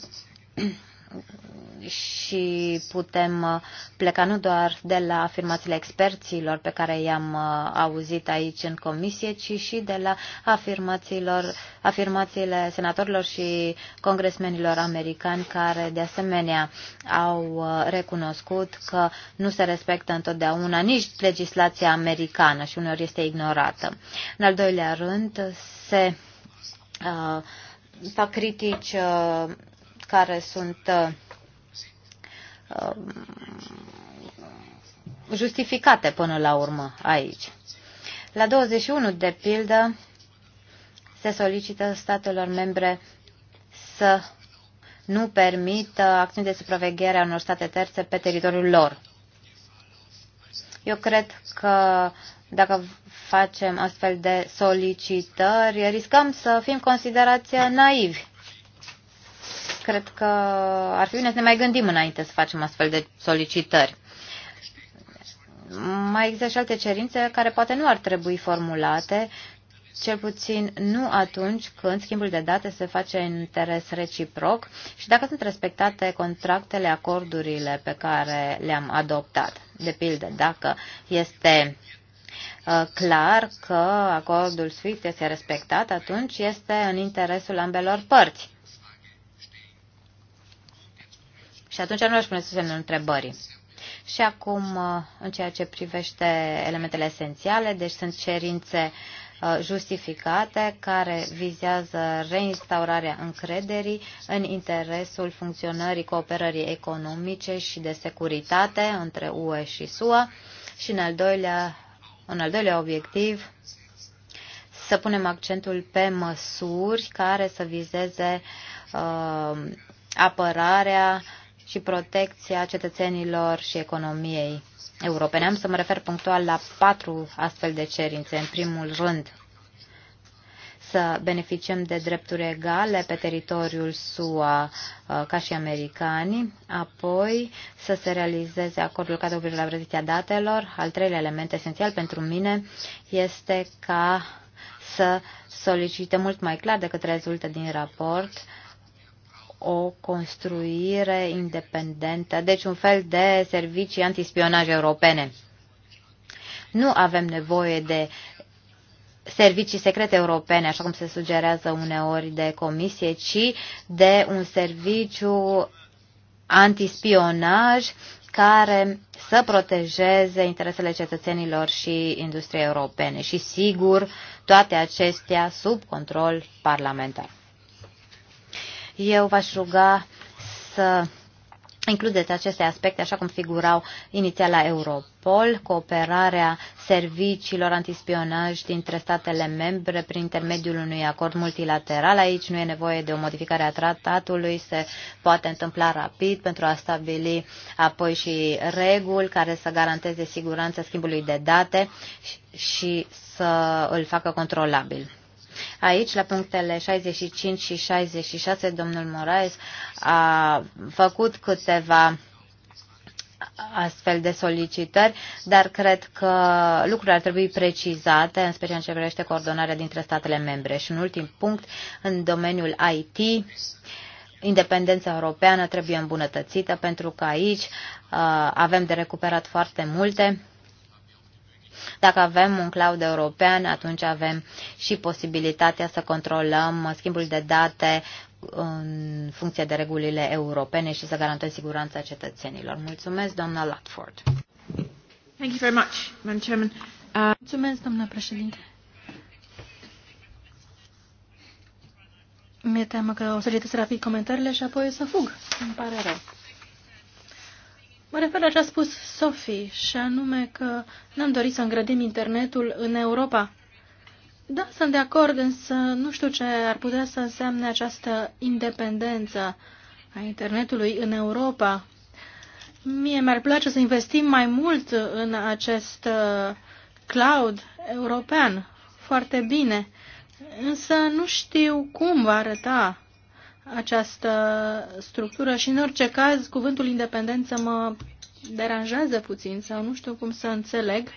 și putem uh, pleca nu doar de la afirmațiile experților pe care i-am uh, auzit aici în comisie, ci și de la afirmațiilor, afirmațiile senatorilor și congresmenilor americani care de asemenea au uh, recunoscut că nu se respectă întotdeauna nici legislația americană și uneori este ignorată. În al doilea rând, se uh, fac critici uh, care sunt Um, justificate până la urmă aici. La 21, de pildă, se solicită statelor membre să nu permită acțiuni de supraveghere a unor state terțe pe teritoriul lor. Eu cred că dacă facem astfel de solicitări, riscăm să fim considerați naivi. Cred că ar fi bine să ne mai gândim înainte să facem astfel de solicitări. Mai există și alte cerințe care poate nu ar trebui formulate, cel puțin nu atunci când schimbul de date se face în interes reciproc și dacă sunt respectate contractele, acordurile pe care le-am adoptat. De pildă, dacă este uh, clar că acordul SWIFT este respectat, atunci este în interesul ambelor părți. Și atunci nu aș pune semnul întrebării. Și acum, uh, în ceea ce privește elementele esențiale, deci sunt cerințe uh, justificate care vizează reinstaurarea încrederii în interesul funcționării cooperării economice și de securitate între UE și SUA și, în al doilea, în al doilea obiectiv, să punem accentul pe măsuri care să vizeze uh, apărarea și protecția cetățenilor și economiei europene. Am să mă refer punctual la patru astfel de cerințe. În primul rând, să beneficiem de drepturi egale pe teritoriul SUA uh, ca și americani, apoi să se realizeze acordul cadru privind la protecția datelor. Al treilea element esențial pentru mine este ca să solicite mult mai clar decât rezultă din raport o construire independentă, deci un fel de servicii antispionaj europene. Nu avem nevoie de servicii secrete europene, așa cum se sugerează uneori de comisie, ci de un serviciu antispionaj care să protejeze interesele cetățenilor și industriei europene și, sigur, toate acestea sub control parlamentar. Eu v-aș ruga să includeți aceste aspecte așa cum figurau inițial la Europol, cooperarea serviciilor antispionaj dintre statele membre prin intermediul unui acord multilateral. Aici nu e nevoie de o modificare a tratatului, se poate întâmpla rapid pentru a stabili apoi și reguli care să garanteze siguranța schimbului de date și să îl facă controlabil. Aici, la punctele 65 și 66, domnul Moraes a făcut câteva astfel de solicitări, dar cred că lucrurile ar trebui precizate, în special în ce privește coordonarea dintre statele membre. Și un ultim punct, în domeniul IT, independența europeană trebuie îmbunătățită, pentru că aici uh, avem de recuperat foarte multe dacă avem un cloud european, atunci avem și posibilitatea să controlăm schimbul de date în funcție de regulile europene și să garantăm siguranța cetățenilor. Mulțumesc, doamna Latford. Thank you very much, Madam Chairman. Uh... Mulțumesc, doamna președinte. Mi-e teamă că o să citesc rapid comentariile și apoi o să fug. Îmi pare rău. Mă refer la ce a spus Sophie, și anume că n-am dorit să îngrădim internetul în Europa. Da, sunt de acord, însă nu știu ce ar putea să însemne această independență a internetului în Europa. Mie mi-ar place să investim mai mult în acest uh, cloud european. Foarte bine. Însă nu știu cum va arăta această structură și, în orice caz, cuvântul independență mă deranjează puțin sau nu știu cum să înțeleg.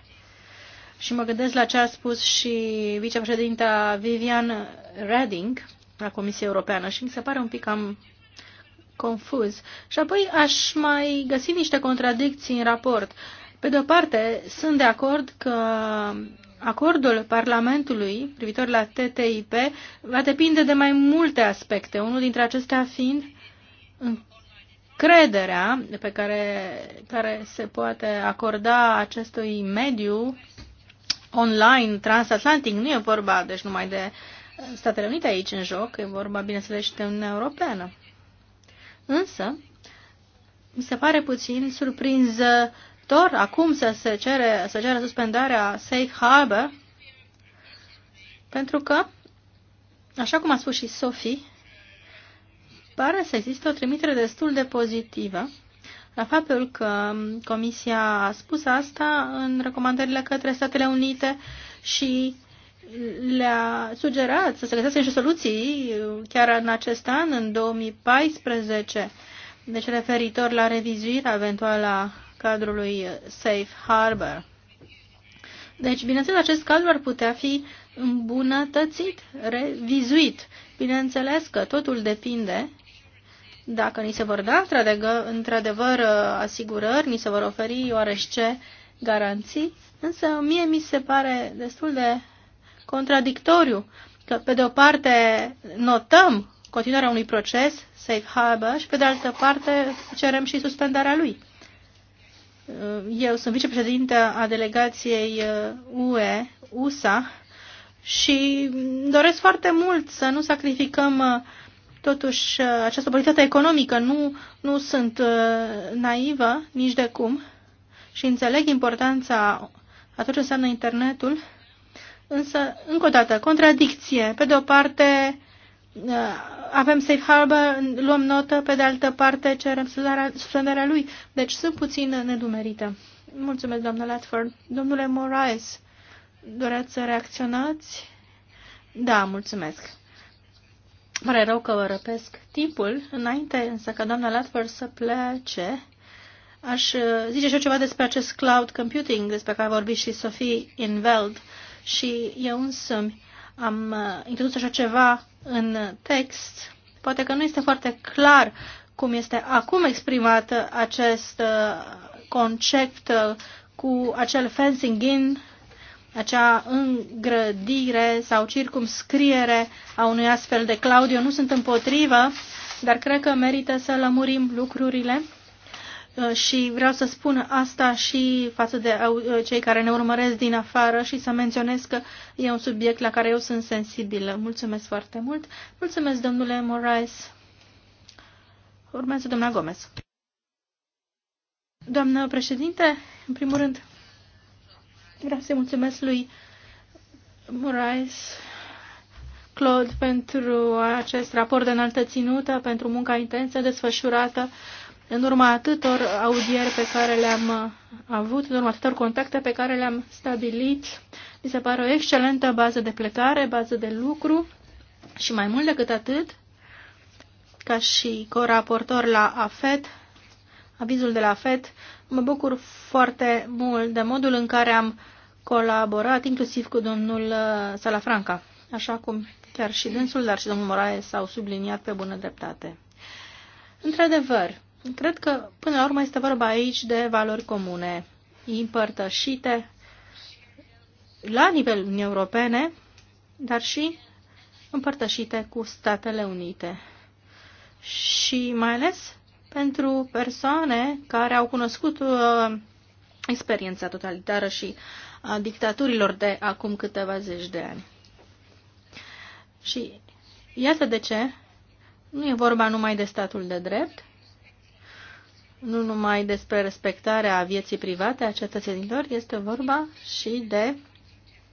Și mă gândesc la ce a spus și vicepreședinta Vivian Redding la Comisia Europeană și mi se pare un pic cam confuz. Și apoi aș mai găsi niște contradicții în raport. Pe de o parte, sunt de acord că Acordul Parlamentului privitor la TTIP va depinde de mai multe aspecte, unul dintre acestea fiind crederea pe care, care se poate acorda acestui mediu online transatlantic. Nu e vorba deci numai de Statele Unite aici în joc, e vorba bineînțeles și de Uniunea Europeană. Însă, mi se pare puțin surprinzător Tor, acum să se cere, să cere suspendarea safe harbor, pentru că, așa cum a spus și Sophie, pare să există o trimitere destul de pozitivă la faptul că Comisia a spus asta în recomandările către Statele Unite și le-a sugerat să se găsească niște soluții chiar în acest an, în 2014, deci referitor la revizuirea eventuală a cadrului Safe Harbor. Deci, bineînțeles, acest cadru ar putea fi îmbunătățit, revizuit. Bineînțeles că totul depinde dacă ni se vor da într-adevăr asigurări, ni se vor oferi ce garanții, însă mie mi se pare destul de contradictoriu că pe de o parte notăm continuarea unui proces, safe harbor, și pe de altă parte cerem și suspendarea lui. Eu sunt vicepreședinte a delegației UE, uh, USA, și doresc foarte mult să nu sacrificăm uh, totuși uh, această politică economică. Nu, nu sunt naivă nici de cum și înțeleg importanța a tot ce înseamnă internetul. Însă, încă o dată, contradicție. Pe de o parte, Uh, avem safe harbor, luăm notă, pe de altă parte cerem suspendarea lui. Deci sunt puțin nedumerită. Mulțumesc, doamnă Latford. Domnule Moraes, doreați să reacționați? Da, mulțumesc. Pare rău că vă răpesc timpul. Înainte însă ca doamna Latford să plece, aș uh, zice și eu ceva despre acest cloud computing despre care a vorbit și Sophie Inveld. Și eu însumi am uh, introdus așa ceva în text, poate că nu este foarte clar cum este acum exprimat acest uh, concept uh, cu acel fencing in, acea îngrădire sau circumscriere a unui astfel de Claudiu. Nu sunt împotrivă, dar cred că merită să lămurim lucrurile Uh, și vreau să spun asta și față de uh, cei care ne urmăresc din afară și să menționez că e un subiect la care eu sunt sensibilă. Mulțumesc foarte mult. Mulțumesc, domnule Moraes. Urmează doamna Gomez. Doamnă președinte, în primul rând vreau să-i mulțumesc lui Moraes Claude pentru acest raport de înaltă ținută, pentru munca intensă desfășurată în urma atâtor audieri pe care le-am uh, avut, în urma atâtor contacte pe care le-am stabilit, mi se pare o excelentă bază de plecare, bază de lucru și mai mult decât atât, ca și coraportor la AFET, avizul de la AFET, mă bucur foarte mult de modul în care am colaborat, inclusiv cu domnul uh, Salafranca, așa cum chiar și dânsul, dar și domnul Moraes s-au subliniat pe bună dreptate. Într-adevăr, Cred că, până la urmă, este vorba aici de valori comune, împărtășite la nivel Europene, dar și împărtășite cu Statele Unite. Și mai ales pentru persoane care au cunoscut uh, experiența totalitară și a dictaturilor de acum câteva zeci de ani. Și iată de ce nu e vorba numai de statul de drept, nu numai despre respectarea vieții private a cetățenilor, este vorba și de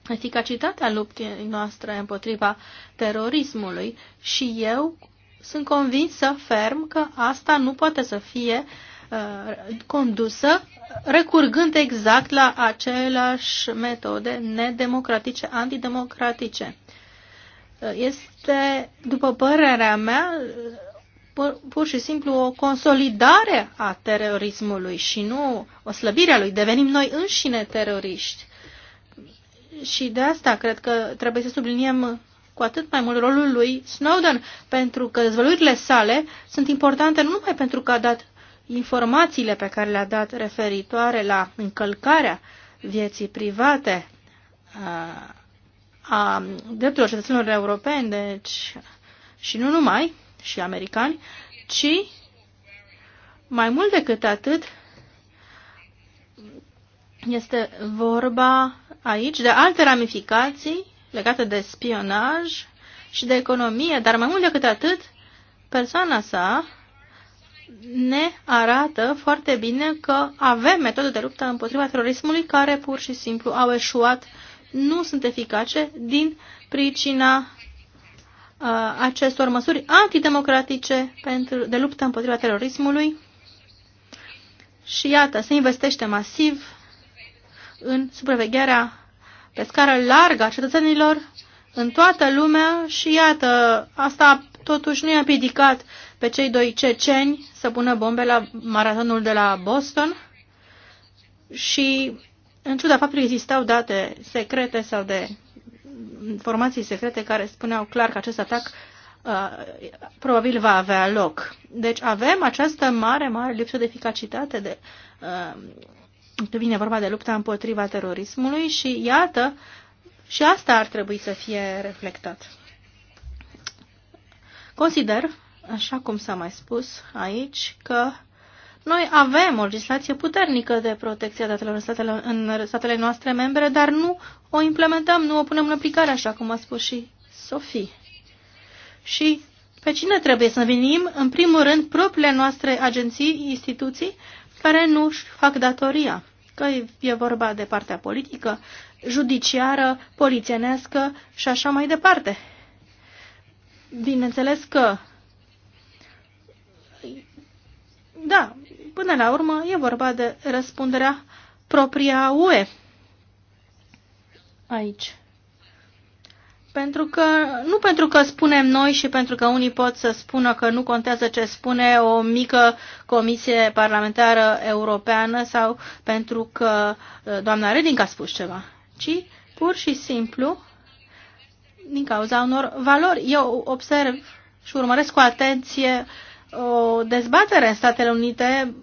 eficacitatea luptei noastre împotriva terorismului și eu sunt convinsă ferm că asta nu poate să fie uh, condusă recurgând exact la aceleași metode nedemocratice, antidemocratice. Este, după părerea mea, pur, pur și simplu o consolidare a terorismului și nu o slăbire a lui. Devenim noi înșine teroriști. Și de asta cred că trebuie să subliniem cu atât mai mult rolul lui Snowden, pentru că dezvăluirile sale sunt importante nu numai pentru că a dat informațiile pe care le-a dat referitoare la încălcarea vieții private a, a drepturilor cetățenilor europeni, deci și nu numai, și americani, ci mai mult decât atât este vorba aici de alte ramificații legate de spionaj și de economie, dar mai mult decât atât, persoana sa ne arată foarte bine că avem metode de luptă împotriva terorismului care pur și simplu au eșuat, nu sunt eficace din pricina Uh, acestor măsuri antidemocratice pentru, de luptă împotriva terorismului. Și iată, se investește masiv în supravegherea pe scară largă a cetățenilor în toată lumea și iată, asta totuși nu i-a împiedicat pe cei doi ceceni să pună bombe la maratonul de la Boston și în ciuda faptului că existau date secrete sau de informații secrete care spuneau clar că acest atac uh, probabil va avea loc. Deci avem această mare, mare lipsă de eficacitate de, uh, vine vorba de lupta împotriva terorismului și iată, și asta ar trebui să fie reflectat. Consider, așa cum s-a mai spus aici, că noi avem o legislație puternică de protecție a datelor în statele, în statele noastre membre, dar nu o implementăm, nu o punem în aplicare, așa cum a spus și Sofie. Și pe cine trebuie să venim? În primul rând, propriile noastre agenții, instituții, care nu își fac datoria. Că e vorba de partea politică, judiciară, polițienescă și așa mai departe. Bineînțeles că Da, până la urmă e vorba de răspunderea propria UE aici. Pentru că, nu pentru că spunem noi și pentru că unii pot să spună că nu contează ce spune o mică comisie parlamentară europeană sau pentru că eh, doamna Reding a spus ceva, ci pur și simplu din cauza unor valori. Eu observ și urmăresc cu atenție uh, o dezbatere în Statele Unite.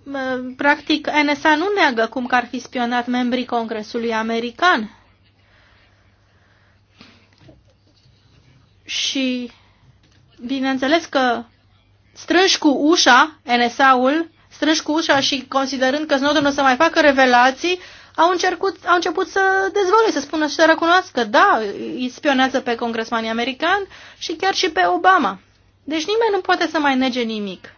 Practic, NSA nu neagă cum că ar fi spionat membrii Congresului American. Și, bineînțeles că strânși cu ușa, NSA-ul, strânși cu ușa și considerând că Snowden o să mai facă revelații, au, încercut, au început să dezvăluie, să spună și să recunoască, da, îi spionează pe congresmanii americani și chiar și pe Obama. Deci nimeni nu poate să mai nege nimic.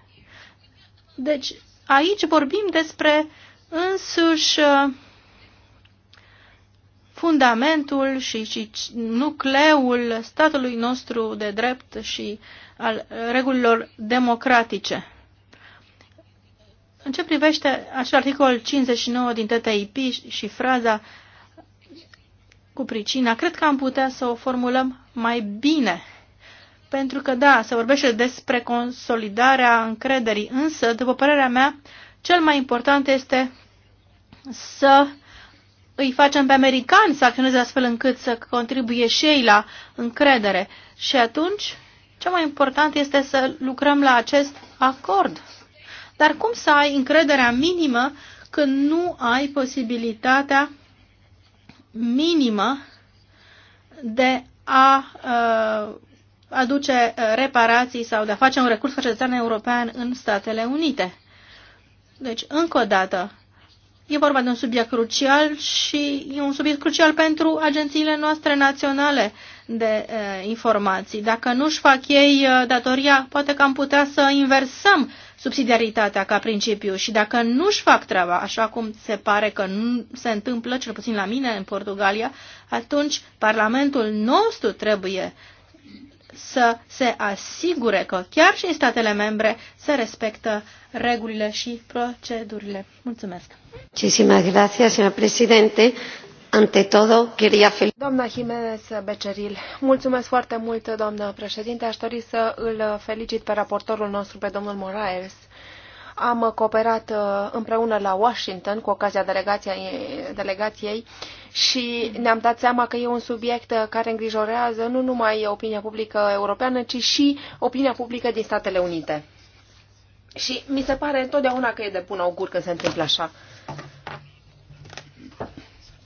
Deci aici vorbim despre însuși uh, fundamentul și, și nucleul statului nostru de drept și al regulilor democratice. În ce privește acel articol 59 din TTIP și fraza cu pricina, cred că am putea să o formulăm mai bine pentru că, da, se vorbește despre consolidarea încrederii, însă, după părerea mea, cel mai important este să îi facem pe americani să acționeze astfel încât să contribuie și ei la încredere. Și atunci, cel mai important este să lucrăm la acest acord. Dar cum să ai încrederea minimă când nu ai posibilitatea minimă de a uh, aduce uh, reparații sau de a face un recurs ca cetățean european în Statele Unite. Deci, încă o dată, e vorba de un subiect crucial și e un subiect crucial pentru agențiile noastre naționale de e, uh, informații. Dacă nu-și fac ei uh, datoria, poate că am putea să inversăm subsidiaritatea ca principiu și dacă nu-și fac treaba, așa cum se pare că nu se întâmplă, cel puțin la mine în Portugalia, atunci Parlamentul nostru trebuie să se asigure că chiar și în statele membre se respectă regulile și procedurile. Mulțumesc! Muchísimas gracias, señor presidente. Ante todo, quería fel- Doamna Jiménez Beceril, mulțumesc foarte mult, doamnă președinte. Aș dori să îl felicit pe raportorul nostru, pe domnul Moraes. Am cooperat uh, împreună la Washington cu ocazia delegației și ne-am dat seama că e un subiect uh, care îngrijorează nu numai opinia publică europeană, ci și opinia publică din Statele Unite. Și mi se pare întotdeauna că e de bun augur când se întâmplă așa.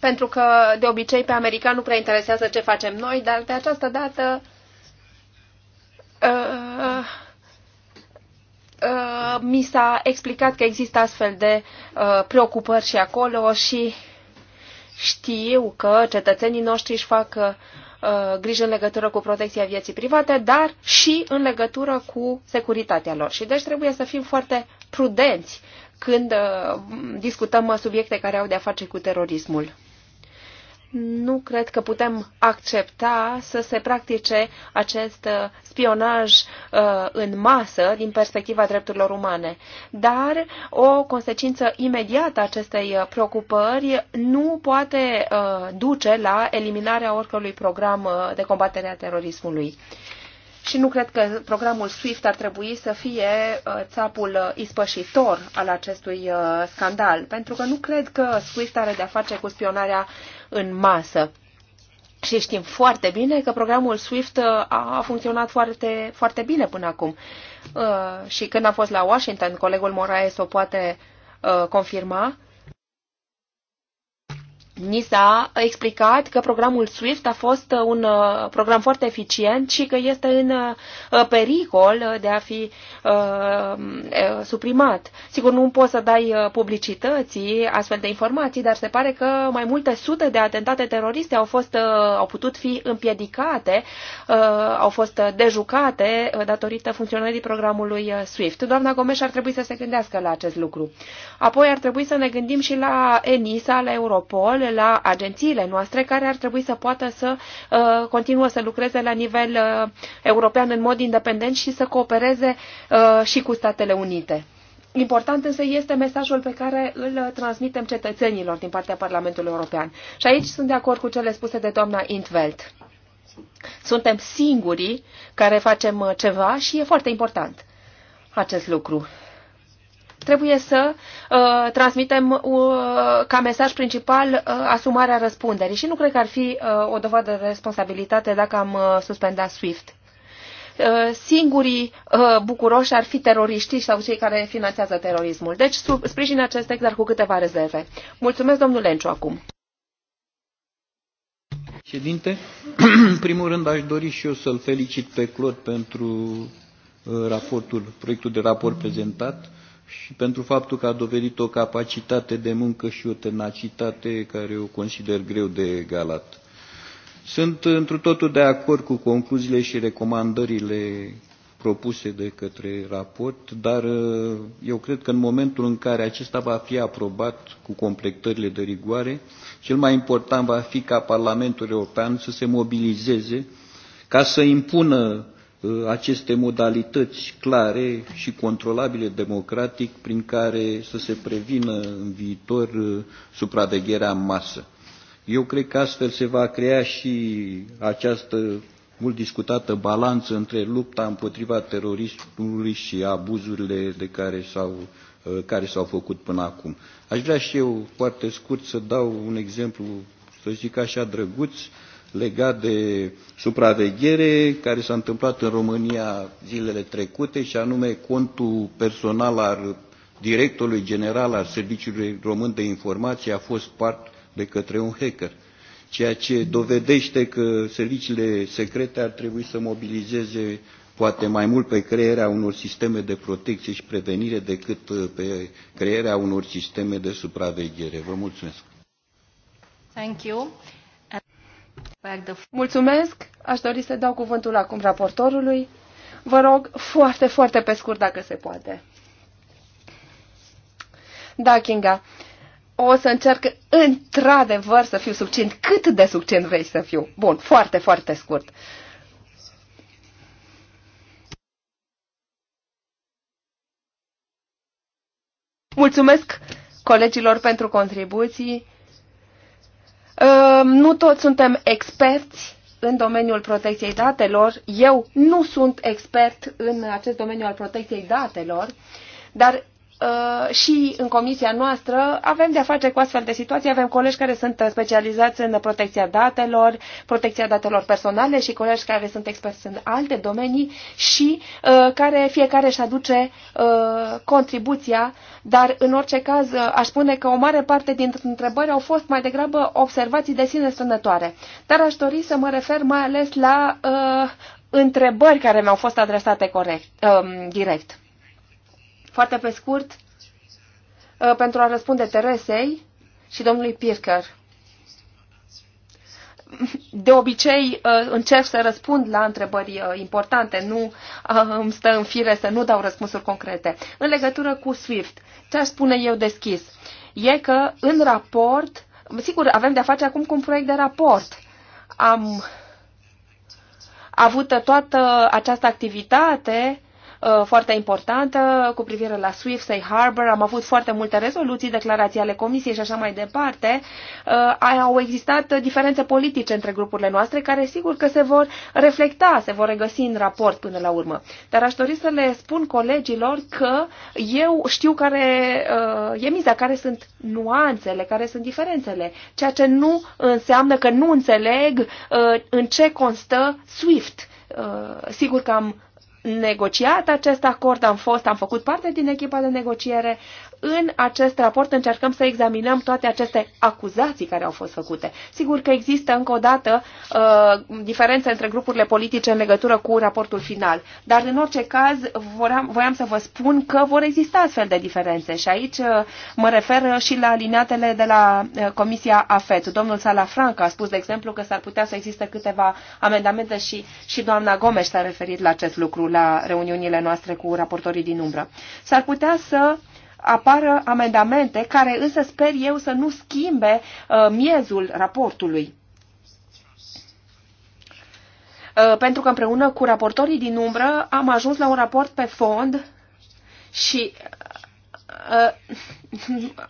Pentru că, de obicei, pe american nu prea interesează ce facem noi, dar pe această dată... Uh, uh, uh, mi s-a explicat că există astfel de uh, preocupări și acolo și uh, știu că cetățenii noștri își fac uh, grijă în legătură cu protecția vieții private, dar și în legătură cu securitatea lor. Și deci trebuie să fim foarte prudenți când uh, discutăm uh, subiecte care au de-a face cu terorismul nu cred că putem accepta să se practice acest uh, spionaj uh, în masă din perspectiva drepturilor umane. Dar o consecință imediată a acestei uh, preocupări nu poate duce la eliminarea oricărui program de combatere a terorismului. Și nu cred că programul SWIFT ar trebui să fie țapul ispășitor al acestui scandal, pentru că nu cred că SWIFT are de-a face cu spionarea în masă. Și știm foarte bine că programul SWIFT uh, a funcționat foarte, foarte bine până acum. Uh, și când a fost la Washington, colegul Moraes o poate uh, confirma, ni s-a explicat că programul SWIFT a fost uh, un uh, program foarte eficient și că este în uh, pericol de a fi suprimat. Sigur, nu poți să dai publicității astfel de informații, dar se pare că mai multe sute de atentate teroriste au, fost, au putut fi împiedicate, au fost dejucate datorită funcționării programului SWIFT. Doamna Gomes ar trebui să se gândească la acest lucru. Apoi ar trebui să ne gândim și la ENISA, la Europol, bune la agențiile noastre care ar trebui să poată să uh, continuă să lucreze la nivel uh, european în mod independent și să coopereze uh, și cu Statele Unite. Important însă este mesajul pe care îl transmitem cetățenilor din partea Parlamentului European. Și aici sunt de acord cu cele spuse de doamna Intveld. Suntem singurii care facem uh, ceva și e foarte important acest lucru trebuie să uh, transmitem uh, ca mesaj principal uh, asumarea răspunderii și nu cred că ar fi uh, o dovadă de responsabilitate dacă am uh, suspendat SWIFT. Uh, singurii uh, bucuroși ar fi teroriștii sau cei care finanțează terorismul. Deci sub, sprijin acest text, dar cu câteva rezerve. Mulțumesc, domnul Lenciu, acum. Ședinte, în primul rând aș dori și eu să-l felicit pe Clod pentru uh, raportul, proiectul de raport prezentat. Uh, și pentru faptul că a dovedit o capacitate de muncă și o tenacitate care o consider greu de egalat. Sunt întru totul de acord cu concluziile și recomandările propuse de către raport, dar uh, eu cred că în momentul în care acesta va fi aprobat cu completările de rigoare, cel mai important va fi ca Parlamentul European să se mobilizeze ca să impună Uh, aceste modalități clare și controlabile democratic prin care să se prevină în viitor uh, supravegherea în masă. Eu cred că astfel se va crea și această mult discutată balanță între lupta împotriva terorismului și abuzurile de care s-au uh, care s-au făcut până acum. Aș vrea și eu, foarte scurt, să dau un exemplu, să zic așa, drăguț. Uh, legat de supraveghere care s-a întâmplat în România zilele trecute și anume contul personal al directorului general al Serviciului Român de Informație a fost part de către un hacker, ceea ce dovedește că serviciile secrete ar trebui să mobilizeze poate mai mult pe crearea unor sisteme de protecție și prevenire decât uh, pe crearea unor sisteme de supraveghere. Vă mulțumesc. Thank you. Mulțumesc! Aș dori să dau cuvântul acum raportorului. Vă rog, foarte, foarte pe scurt, dacă se poate. Da, Kinga, o să încerc într-adevăr să fiu succint cât de succint vrei să fiu. Bun, foarte, foarte scurt. Mulțumesc colegilor pentru contribuții. Ă, nu toți suntem experți în domeniul protecției datelor. Eu nu sunt expert în acest domeniu al protecției datelor, dar Uh, și în comisia noastră avem de-a face cu astfel de situații. Avem colegi care sunt specializați în protecția datelor, protecția datelor personale și colegi care sunt experți în alte domenii și uh, care fiecare își aduce uh, contribuția, dar în orice caz aș spune că o mare parte dintre întrebări au fost mai degrabă observații de sine sănătoare. Dar aș dori să mă refer mai ales la întrebări care mi-au fost adresate corect, um, direct foarte pe scurt, uh, pentru a răspunde Teresei și domnului Pirker. De obicei uh, încerc să răspund la întrebări uh, importante, nu îmi stă în fire să nu dau răspunsuri concrete. În legătură cu SWIFT, ce aș spune eu deschis? E că în raport, sigur, avem de-a face acum cu un proiect de raport. Am avut toată această activitate Uh, foarte importantă cu privire la Swift Safe Harbor. Am avut foarte multe rezoluții, declarații ale Comisiei și așa mai departe. Uh, au existat diferențe politice între grupurile noastre care sigur că se vor reflecta, se vor regăsi în raport până la urmă. Dar aș dori să le spun colegilor că eu știu care uh, e miza, care sunt nuanțele, care sunt diferențele, ceea ce nu înseamnă că nu înțeleg în ce constă SWIFT sigur că am negociat acest acord, am fost, am făcut parte din echipa de negociere, în acest raport încercăm să examinăm toate aceste acuzații care au fost făcute. Sigur că există încă o dată uh, diferențe între grupurile politice în legătură cu raportul final, dar în orice caz voiam, voiam să vă spun că vor exista astfel de diferențe și aici uh, mă refer și la alineatele de la uh, Comisia AFET. Domnul Salafranca a spus, de exemplu, că s-ar putea să existe câteva amendamente și, și doamna Gomes s-a referit la acest lucru la reuniunile noastre cu raportorii din umbră. S-ar putea să uh, apară amendamente care însă sper eu să nu schimbe uh, miezul raportului. Uh, pentru că împreună cu raportorii din umbră am ajuns la un raport pe fond și uh,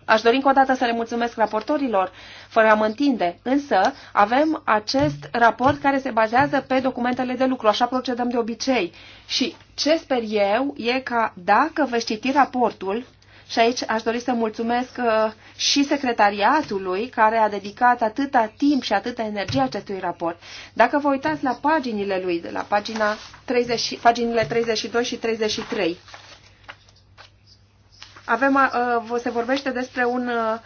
aș dori încă o dată să le mulțumesc raportorilor, fără a mă întinde, însă avem acest raport care se bazează pe documentele de lucru, așa procedăm de obicei. Și ce sper eu e ca dacă veți citi raportul, și aici aș dori să mulțumesc uh, și secretariatului care a dedicat atâta timp și atâta energie acestui raport. Dacă vă uitați la paginile lui, de la pagina 30, paginile 32 și 33, avem, uh, se vorbește despre un uh,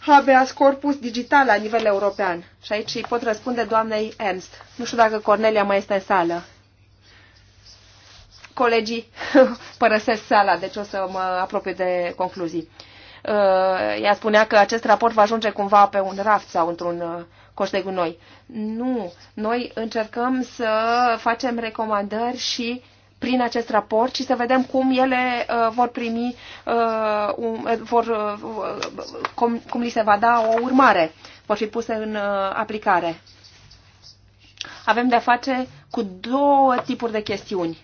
habeas corpus digital la nivel european. Și aici îi pot răspunde doamnei Ernst. Nu știu dacă Cornelia mai este în sală colegii părăsesc sala, deci o să mă apropie de concluzii. Uh, ea spunea că acest raport va ajunge cumva pe un raft sau într-un uh, coș de gunoi. Nu, noi încercăm să facem recomandări și prin acest raport și să vedem cum ele uh, vor primi, uh, um, vor, uh, cum, cum li se va da o urmare, vor fi puse în uh, aplicare. Avem de-a face cu două tipuri de chestiuni.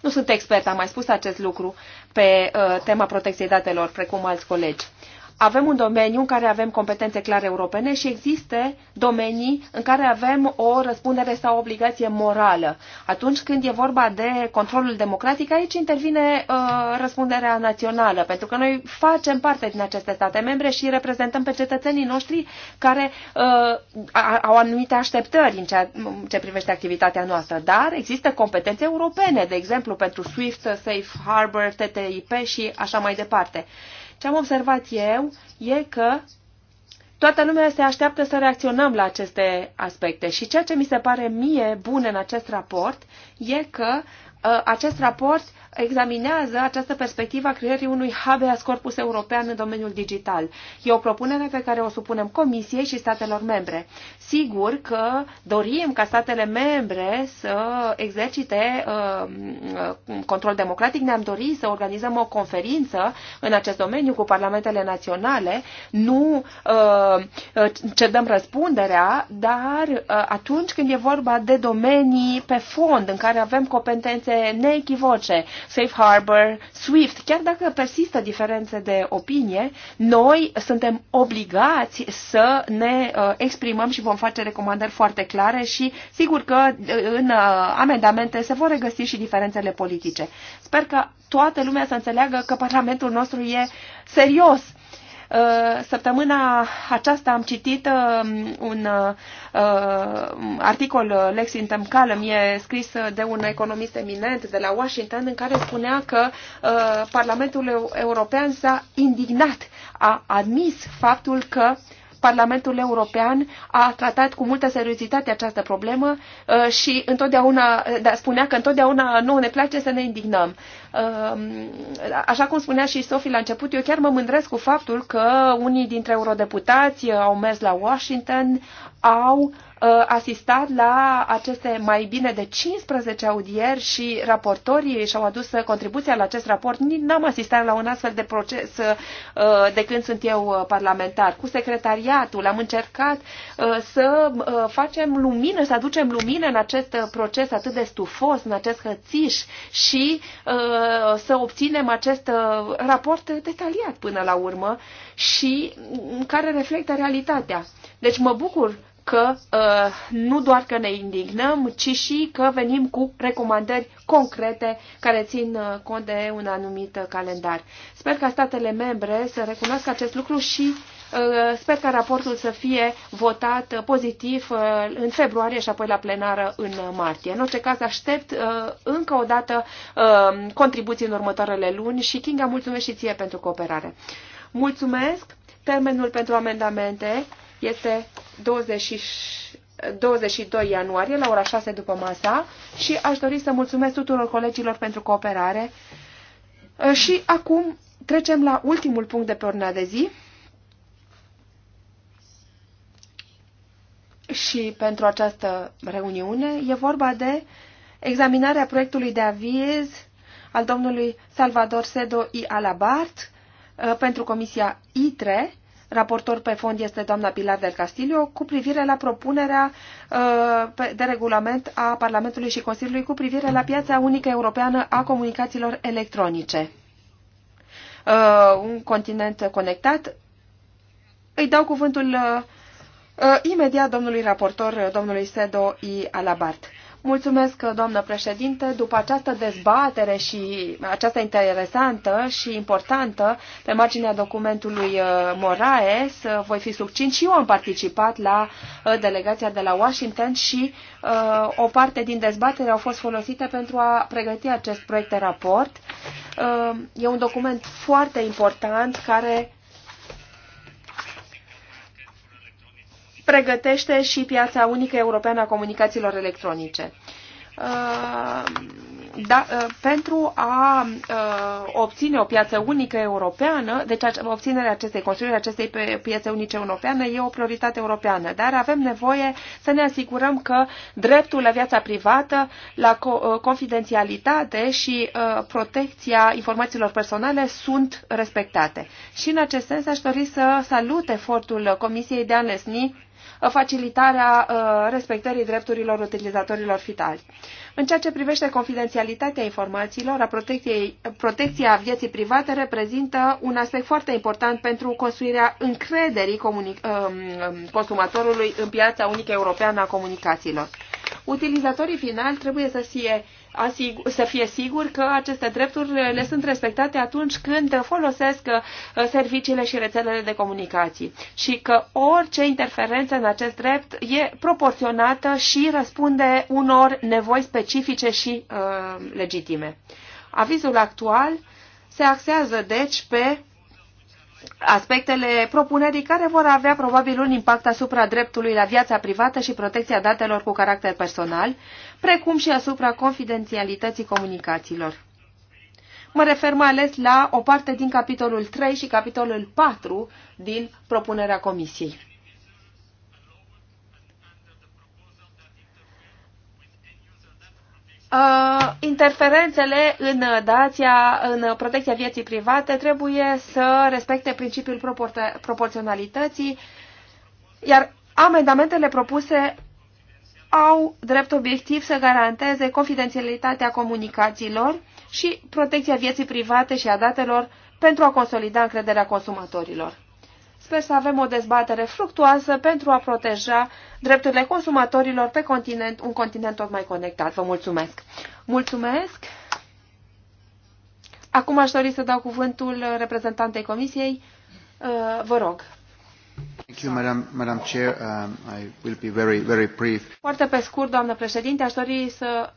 Nu sunt expert, am mai spus acest lucru pe uh, tema protecției datelor, precum alți colegi avem un domeniu în care avem competențe clare europene și există domenii în care avem o răspundere sau o obligație morală. Atunci când e vorba de controlul democratic, aici intervine uh, răspunderea națională, pentru că noi facem parte din aceste state membre și reprezentăm pe cetățenii noștri care uh, au anumite așteptări în ceea ce privește activitatea noastră, dar există competențe europene, de exemplu pentru SWIFT, Safe Harbor, TTIP și așa mai departe. Uh, ce am observat eu e că toată lumea se așteaptă să reacționăm la aceste aspecte. Și ceea ce mi se pare mie bun în acest raport e că uh, acest raport examinează această perspectivă a creierii unui habeas corpus european în domeniul digital. E o propunere pe care o supunem Comisiei și statelor membre. Sigur că dorim ca statele membre să exercite uh, uh control democratic. Ne-am dorit să organizăm o conferință în acest domeniu cu parlamentele naționale, nu uh, Uh, cedăm răspunderea, dar uh, atunci când e vorba de domenii pe fond în care avem competențe neechivoce, safe harbor, SWIFT, chiar dacă persistă diferențe de opinie, noi suntem obligați să ne uh, exprimăm și vom face recomandări foarte clare și sigur că în amendamente se vor regăsi și diferențele politice. Sper că toată lumea să înțeleagă că Parlamentul nostru e serios Uh, săptămâna aceasta am citit uh, un uh, articol Lexington Callum, e scris de un economist eminent de la Washington, în care spunea că Parlamentul European s-a indignat, a admis faptul că uh, Parlamentul European a tratat cu multă seriozitate această problemă uh, și întotdeauna, uh, da, spunea că întotdeauna nu ne place să ne indignăm. Uh, așa cum spunea și Sofie la început, eu chiar mă mândresc cu faptul că unii dintre eurodeputați au mers la Washington, au uh, Uh, asistat la aceste mai bine de 15 audieri și raportorii și-au adus contribuția la acest raport. N-am asistat la un astfel de proces uh, de când sunt eu uh, parlamentar. Cu secretariatul am încercat să facem lumină, să aducem lumină în acest proces atât de stufos, în acest hățiș și să obținem acest raport detaliat până la urmă și mm, care reflectă realitatea. Deci mă bucur că uh, nu doar că ne indignăm, ci și că venim cu recomandări concrete care țin uh, cont de un anumit uh, calendar. Sper ca statele membre să recunoască acest lucru și uh, sper ca raportul să fie votat uh, pozitiv uh, în februarie și apoi la plenară în uh, martie. În orice caz, aștept uh, încă o dată uh, contribuții în următoarele luni și, Kinga, mulțumesc și ție pentru cooperare. Mulțumesc! Termenul pentru amendamente este 20, 22 ianuarie la ora 6 după masa și aș dori să mulțumesc tuturor colegilor pentru cooperare. Uh, și acum trecem la ultimul punct de pe ordinea de zi. Și pentru această reuniune e vorba de examinarea proiectului de aviz al domnului Salvador Sedo I. Alabart uh, pentru Comisia ITRE raportor pe fond este doamna Pilar del Castillo, cu privire la propunerea uh, de regulament a Parlamentului și Consiliului cu privire la piața unică europeană a comunicațiilor electronice. Uh, un continent conectat. Îi dau cuvântul uh, imediat domnului raportor, domnului Sedo I. Alabart. Mulțumesc, doamnă președinte. După această dezbatere și aceasta interesantă și importantă pe marginea documentului uh, Moraes, uh, voi fi succint și eu am participat la uh, delegația de la Washington și uh, o parte din dezbatere au fost folosite pentru a pregăti acest proiect de raport. Uh, e un document foarte important care pregătește și piața unică europeană a comunicațiilor electronice. Uh, da, uh, pentru a uh, obține o piață unică europeană, deci obținerea acestei, construirea acestei piețe unice europeană e o prioritate europeană, dar avem nevoie să ne asigurăm că dreptul la viața privată, la confidențialitate și protecția informațiilor personale sunt respectate. Și în acest sens aș dori să salut efortul Comisiei de a înlesni facilitarea uh, respectării drepturilor utilizatorilor fitali. În ceea ce privește confidențialitatea informațiilor, a protecției, protecția vieții private reprezintă un aspect foarte important pentru construirea încrederii um, um, consumatorului în piața unică europeană a comunicațiilor. Utilizatorii finali trebuie să fie asigur, să fie sigur că aceste drepturi le sunt respectate atunci când folosesc uh, serviciile și rețelele de comunicații și că orice interferență în acest drept e proporționată și răspunde unor nevoi specifice și uh, legitime. Avizul actual se axează deci pe aspectele propunerii care vor avea probabil un impact asupra dreptului la viața privată și protecția datelor cu caracter personal, precum și asupra confidențialității comunicațiilor. Mă refer mai ales la o parte din capitolul 3 și capitolul 4 din propunerea Comisiei. Uh, interferențele în, dația, în protecția vieții private trebuie să respecte principiul proporționalității, iar amendamentele propuse au drept obiectiv să garanteze confidențialitatea comunicațiilor și protecția vieții private și a datelor pentru a consolida încrederea consumatorilor. Sper să avem o dezbatere fructuoasă pentru a proteja drepturile consumatorilor pe continent, un continent tot mai conectat. Vă mulțumesc! Mulțumesc! Acum aș dori să dau cuvântul reprezentantei Comisiei. Uh, vă rog! Foarte pe scurt, doamnă președinte, aș dori să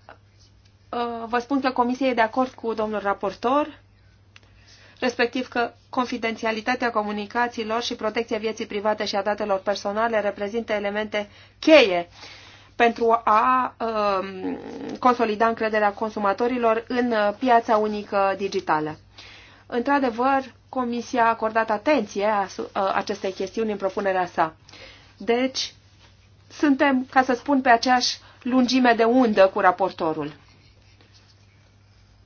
uh, vă spun că Comisia e de acord cu domnul raportor, respectiv că confidențialitatea comunicațiilor și protecția vieții private și a datelor personale reprezintă elemente cheie pentru a um, consolida încrederea consumatorilor în uh, piața unică digitală. Într-adevăr, Comisia a acordat atenție a acestei chestiuni în propunerea sa. Deci, suntem, ca să spun, pe aceeași lungime de undă cu raportorul.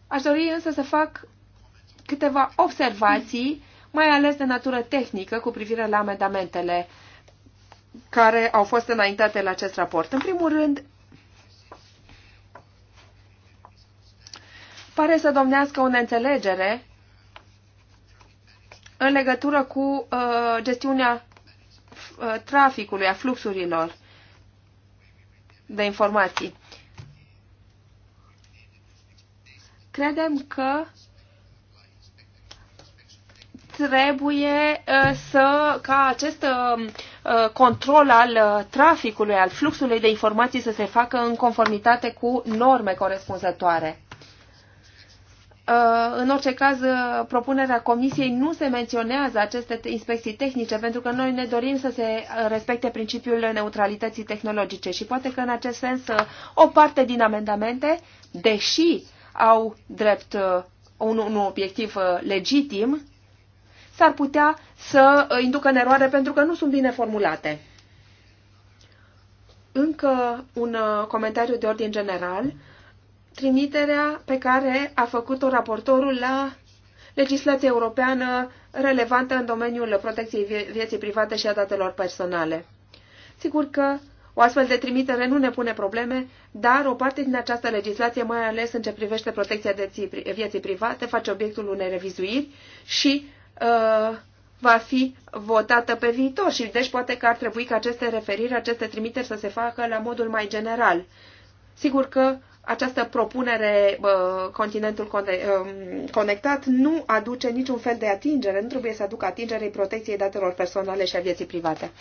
Aș dori însă să fac câteva observații, mai ales de natură tehnică, cu privire la amendamentele care au fost înaintate la acest raport. În primul rând, pare să domnească o neînțelegere în legătură cu uh, gestiunea uh, traficului, a fluxurilor de informații. Credem că trebuie uh, să, ca acest uh, uh, control al traficului, al fluxului de informații să se facă în conformitate cu norme corespunzătoare. Uh, în orice caz, uh, propunerea Comisiei nu se menționează aceste inspecții tehnice, pentru că noi ne dorim să se uh, respecte principiul neutralității tehnologice și poate că în acest sens o parte din amendamente, deși au drept un, un obiectiv legitim, s-ar putea să inducă în eroare pentru că nu sunt bine formulate. Încă un comentariu de ordin general trimiterea pe care a făcut-o raportorul la legislația europeană relevantă în domeniul protecției vieții private și a datelor personale. Sigur că o astfel de trimitere nu ne pune probleme, dar o parte din această legislație, mai ales în ce privește protecția vieții private, face obiectul unei revizuiri și uh, va fi votată pe viitor și deci poate că ar trebui ca aceste referiri, aceste trimiteri să se facă la modul mai general. Sigur că această propunere Continentul um, Conectat nu aduce niciun fel de atingere, nu trebuie să aducă atingerei protecției datelor personale și a vieții private.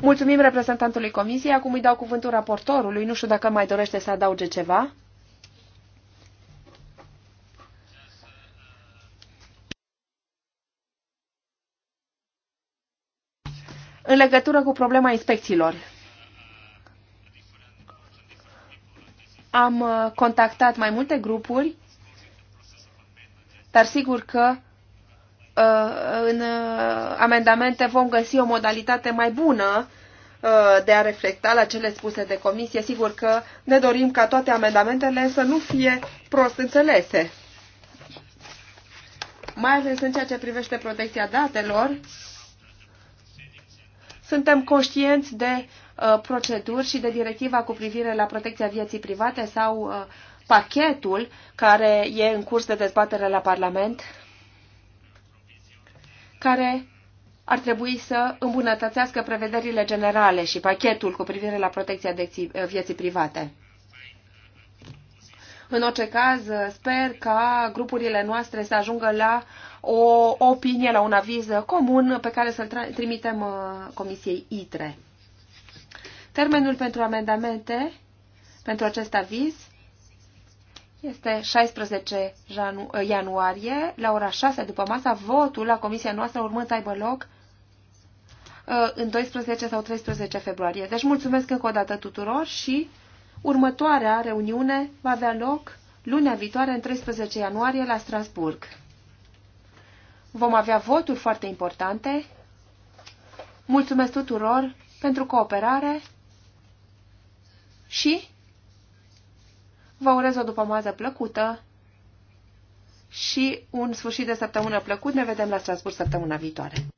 Mulțumim reprezentantului Comisiei. Acum îi dau cuvântul raportorului. Nu știu dacă mai dorește să adauge ceva. În legătură cu problema inspecțiilor. Am uh, contactat mai multe grupuri, dar sigur că uh, în uh, amendamente vom găsi o modalitate mai bună de a reflecta la cele spuse de comisie. Sigur că ne dorim ca toate amendamentele să nu fie prost înțelese. Mai ales în ceea ce privește protecția datelor, suntem conștienți de Uh, proceduri și de directiva cu privire la protecția vieții private sau uh, pachetul care e în curs de dezbatere la Parlament, care ar trebui să îmbunătățească prevederile generale și pachetul cu privire la protecția uh, vieții private. În orice caz, sper ca grupurile noastre să ajungă la o opinie, la un aviz comun pe care să-l trimitem Comisiei ITRE. Termenul pentru amendamente pentru acest aviz este 16 ianuarie, la ora 6 după masa, votul la comisia noastră urmând să aibă loc uh, în 12 sau 13 februarie. Deci mulțumesc încă o dată tuturor și următoarea reuniune va avea loc lunea viitoare, în 13 ianuarie, la Strasburg. Vom avea voturi foarte importante. Mulțumesc tuturor pentru cooperare și vă urez o după mază plăcută și un sfârșit de săptămână plăcut. Ne vedem la Strasburg săptămâna viitoare.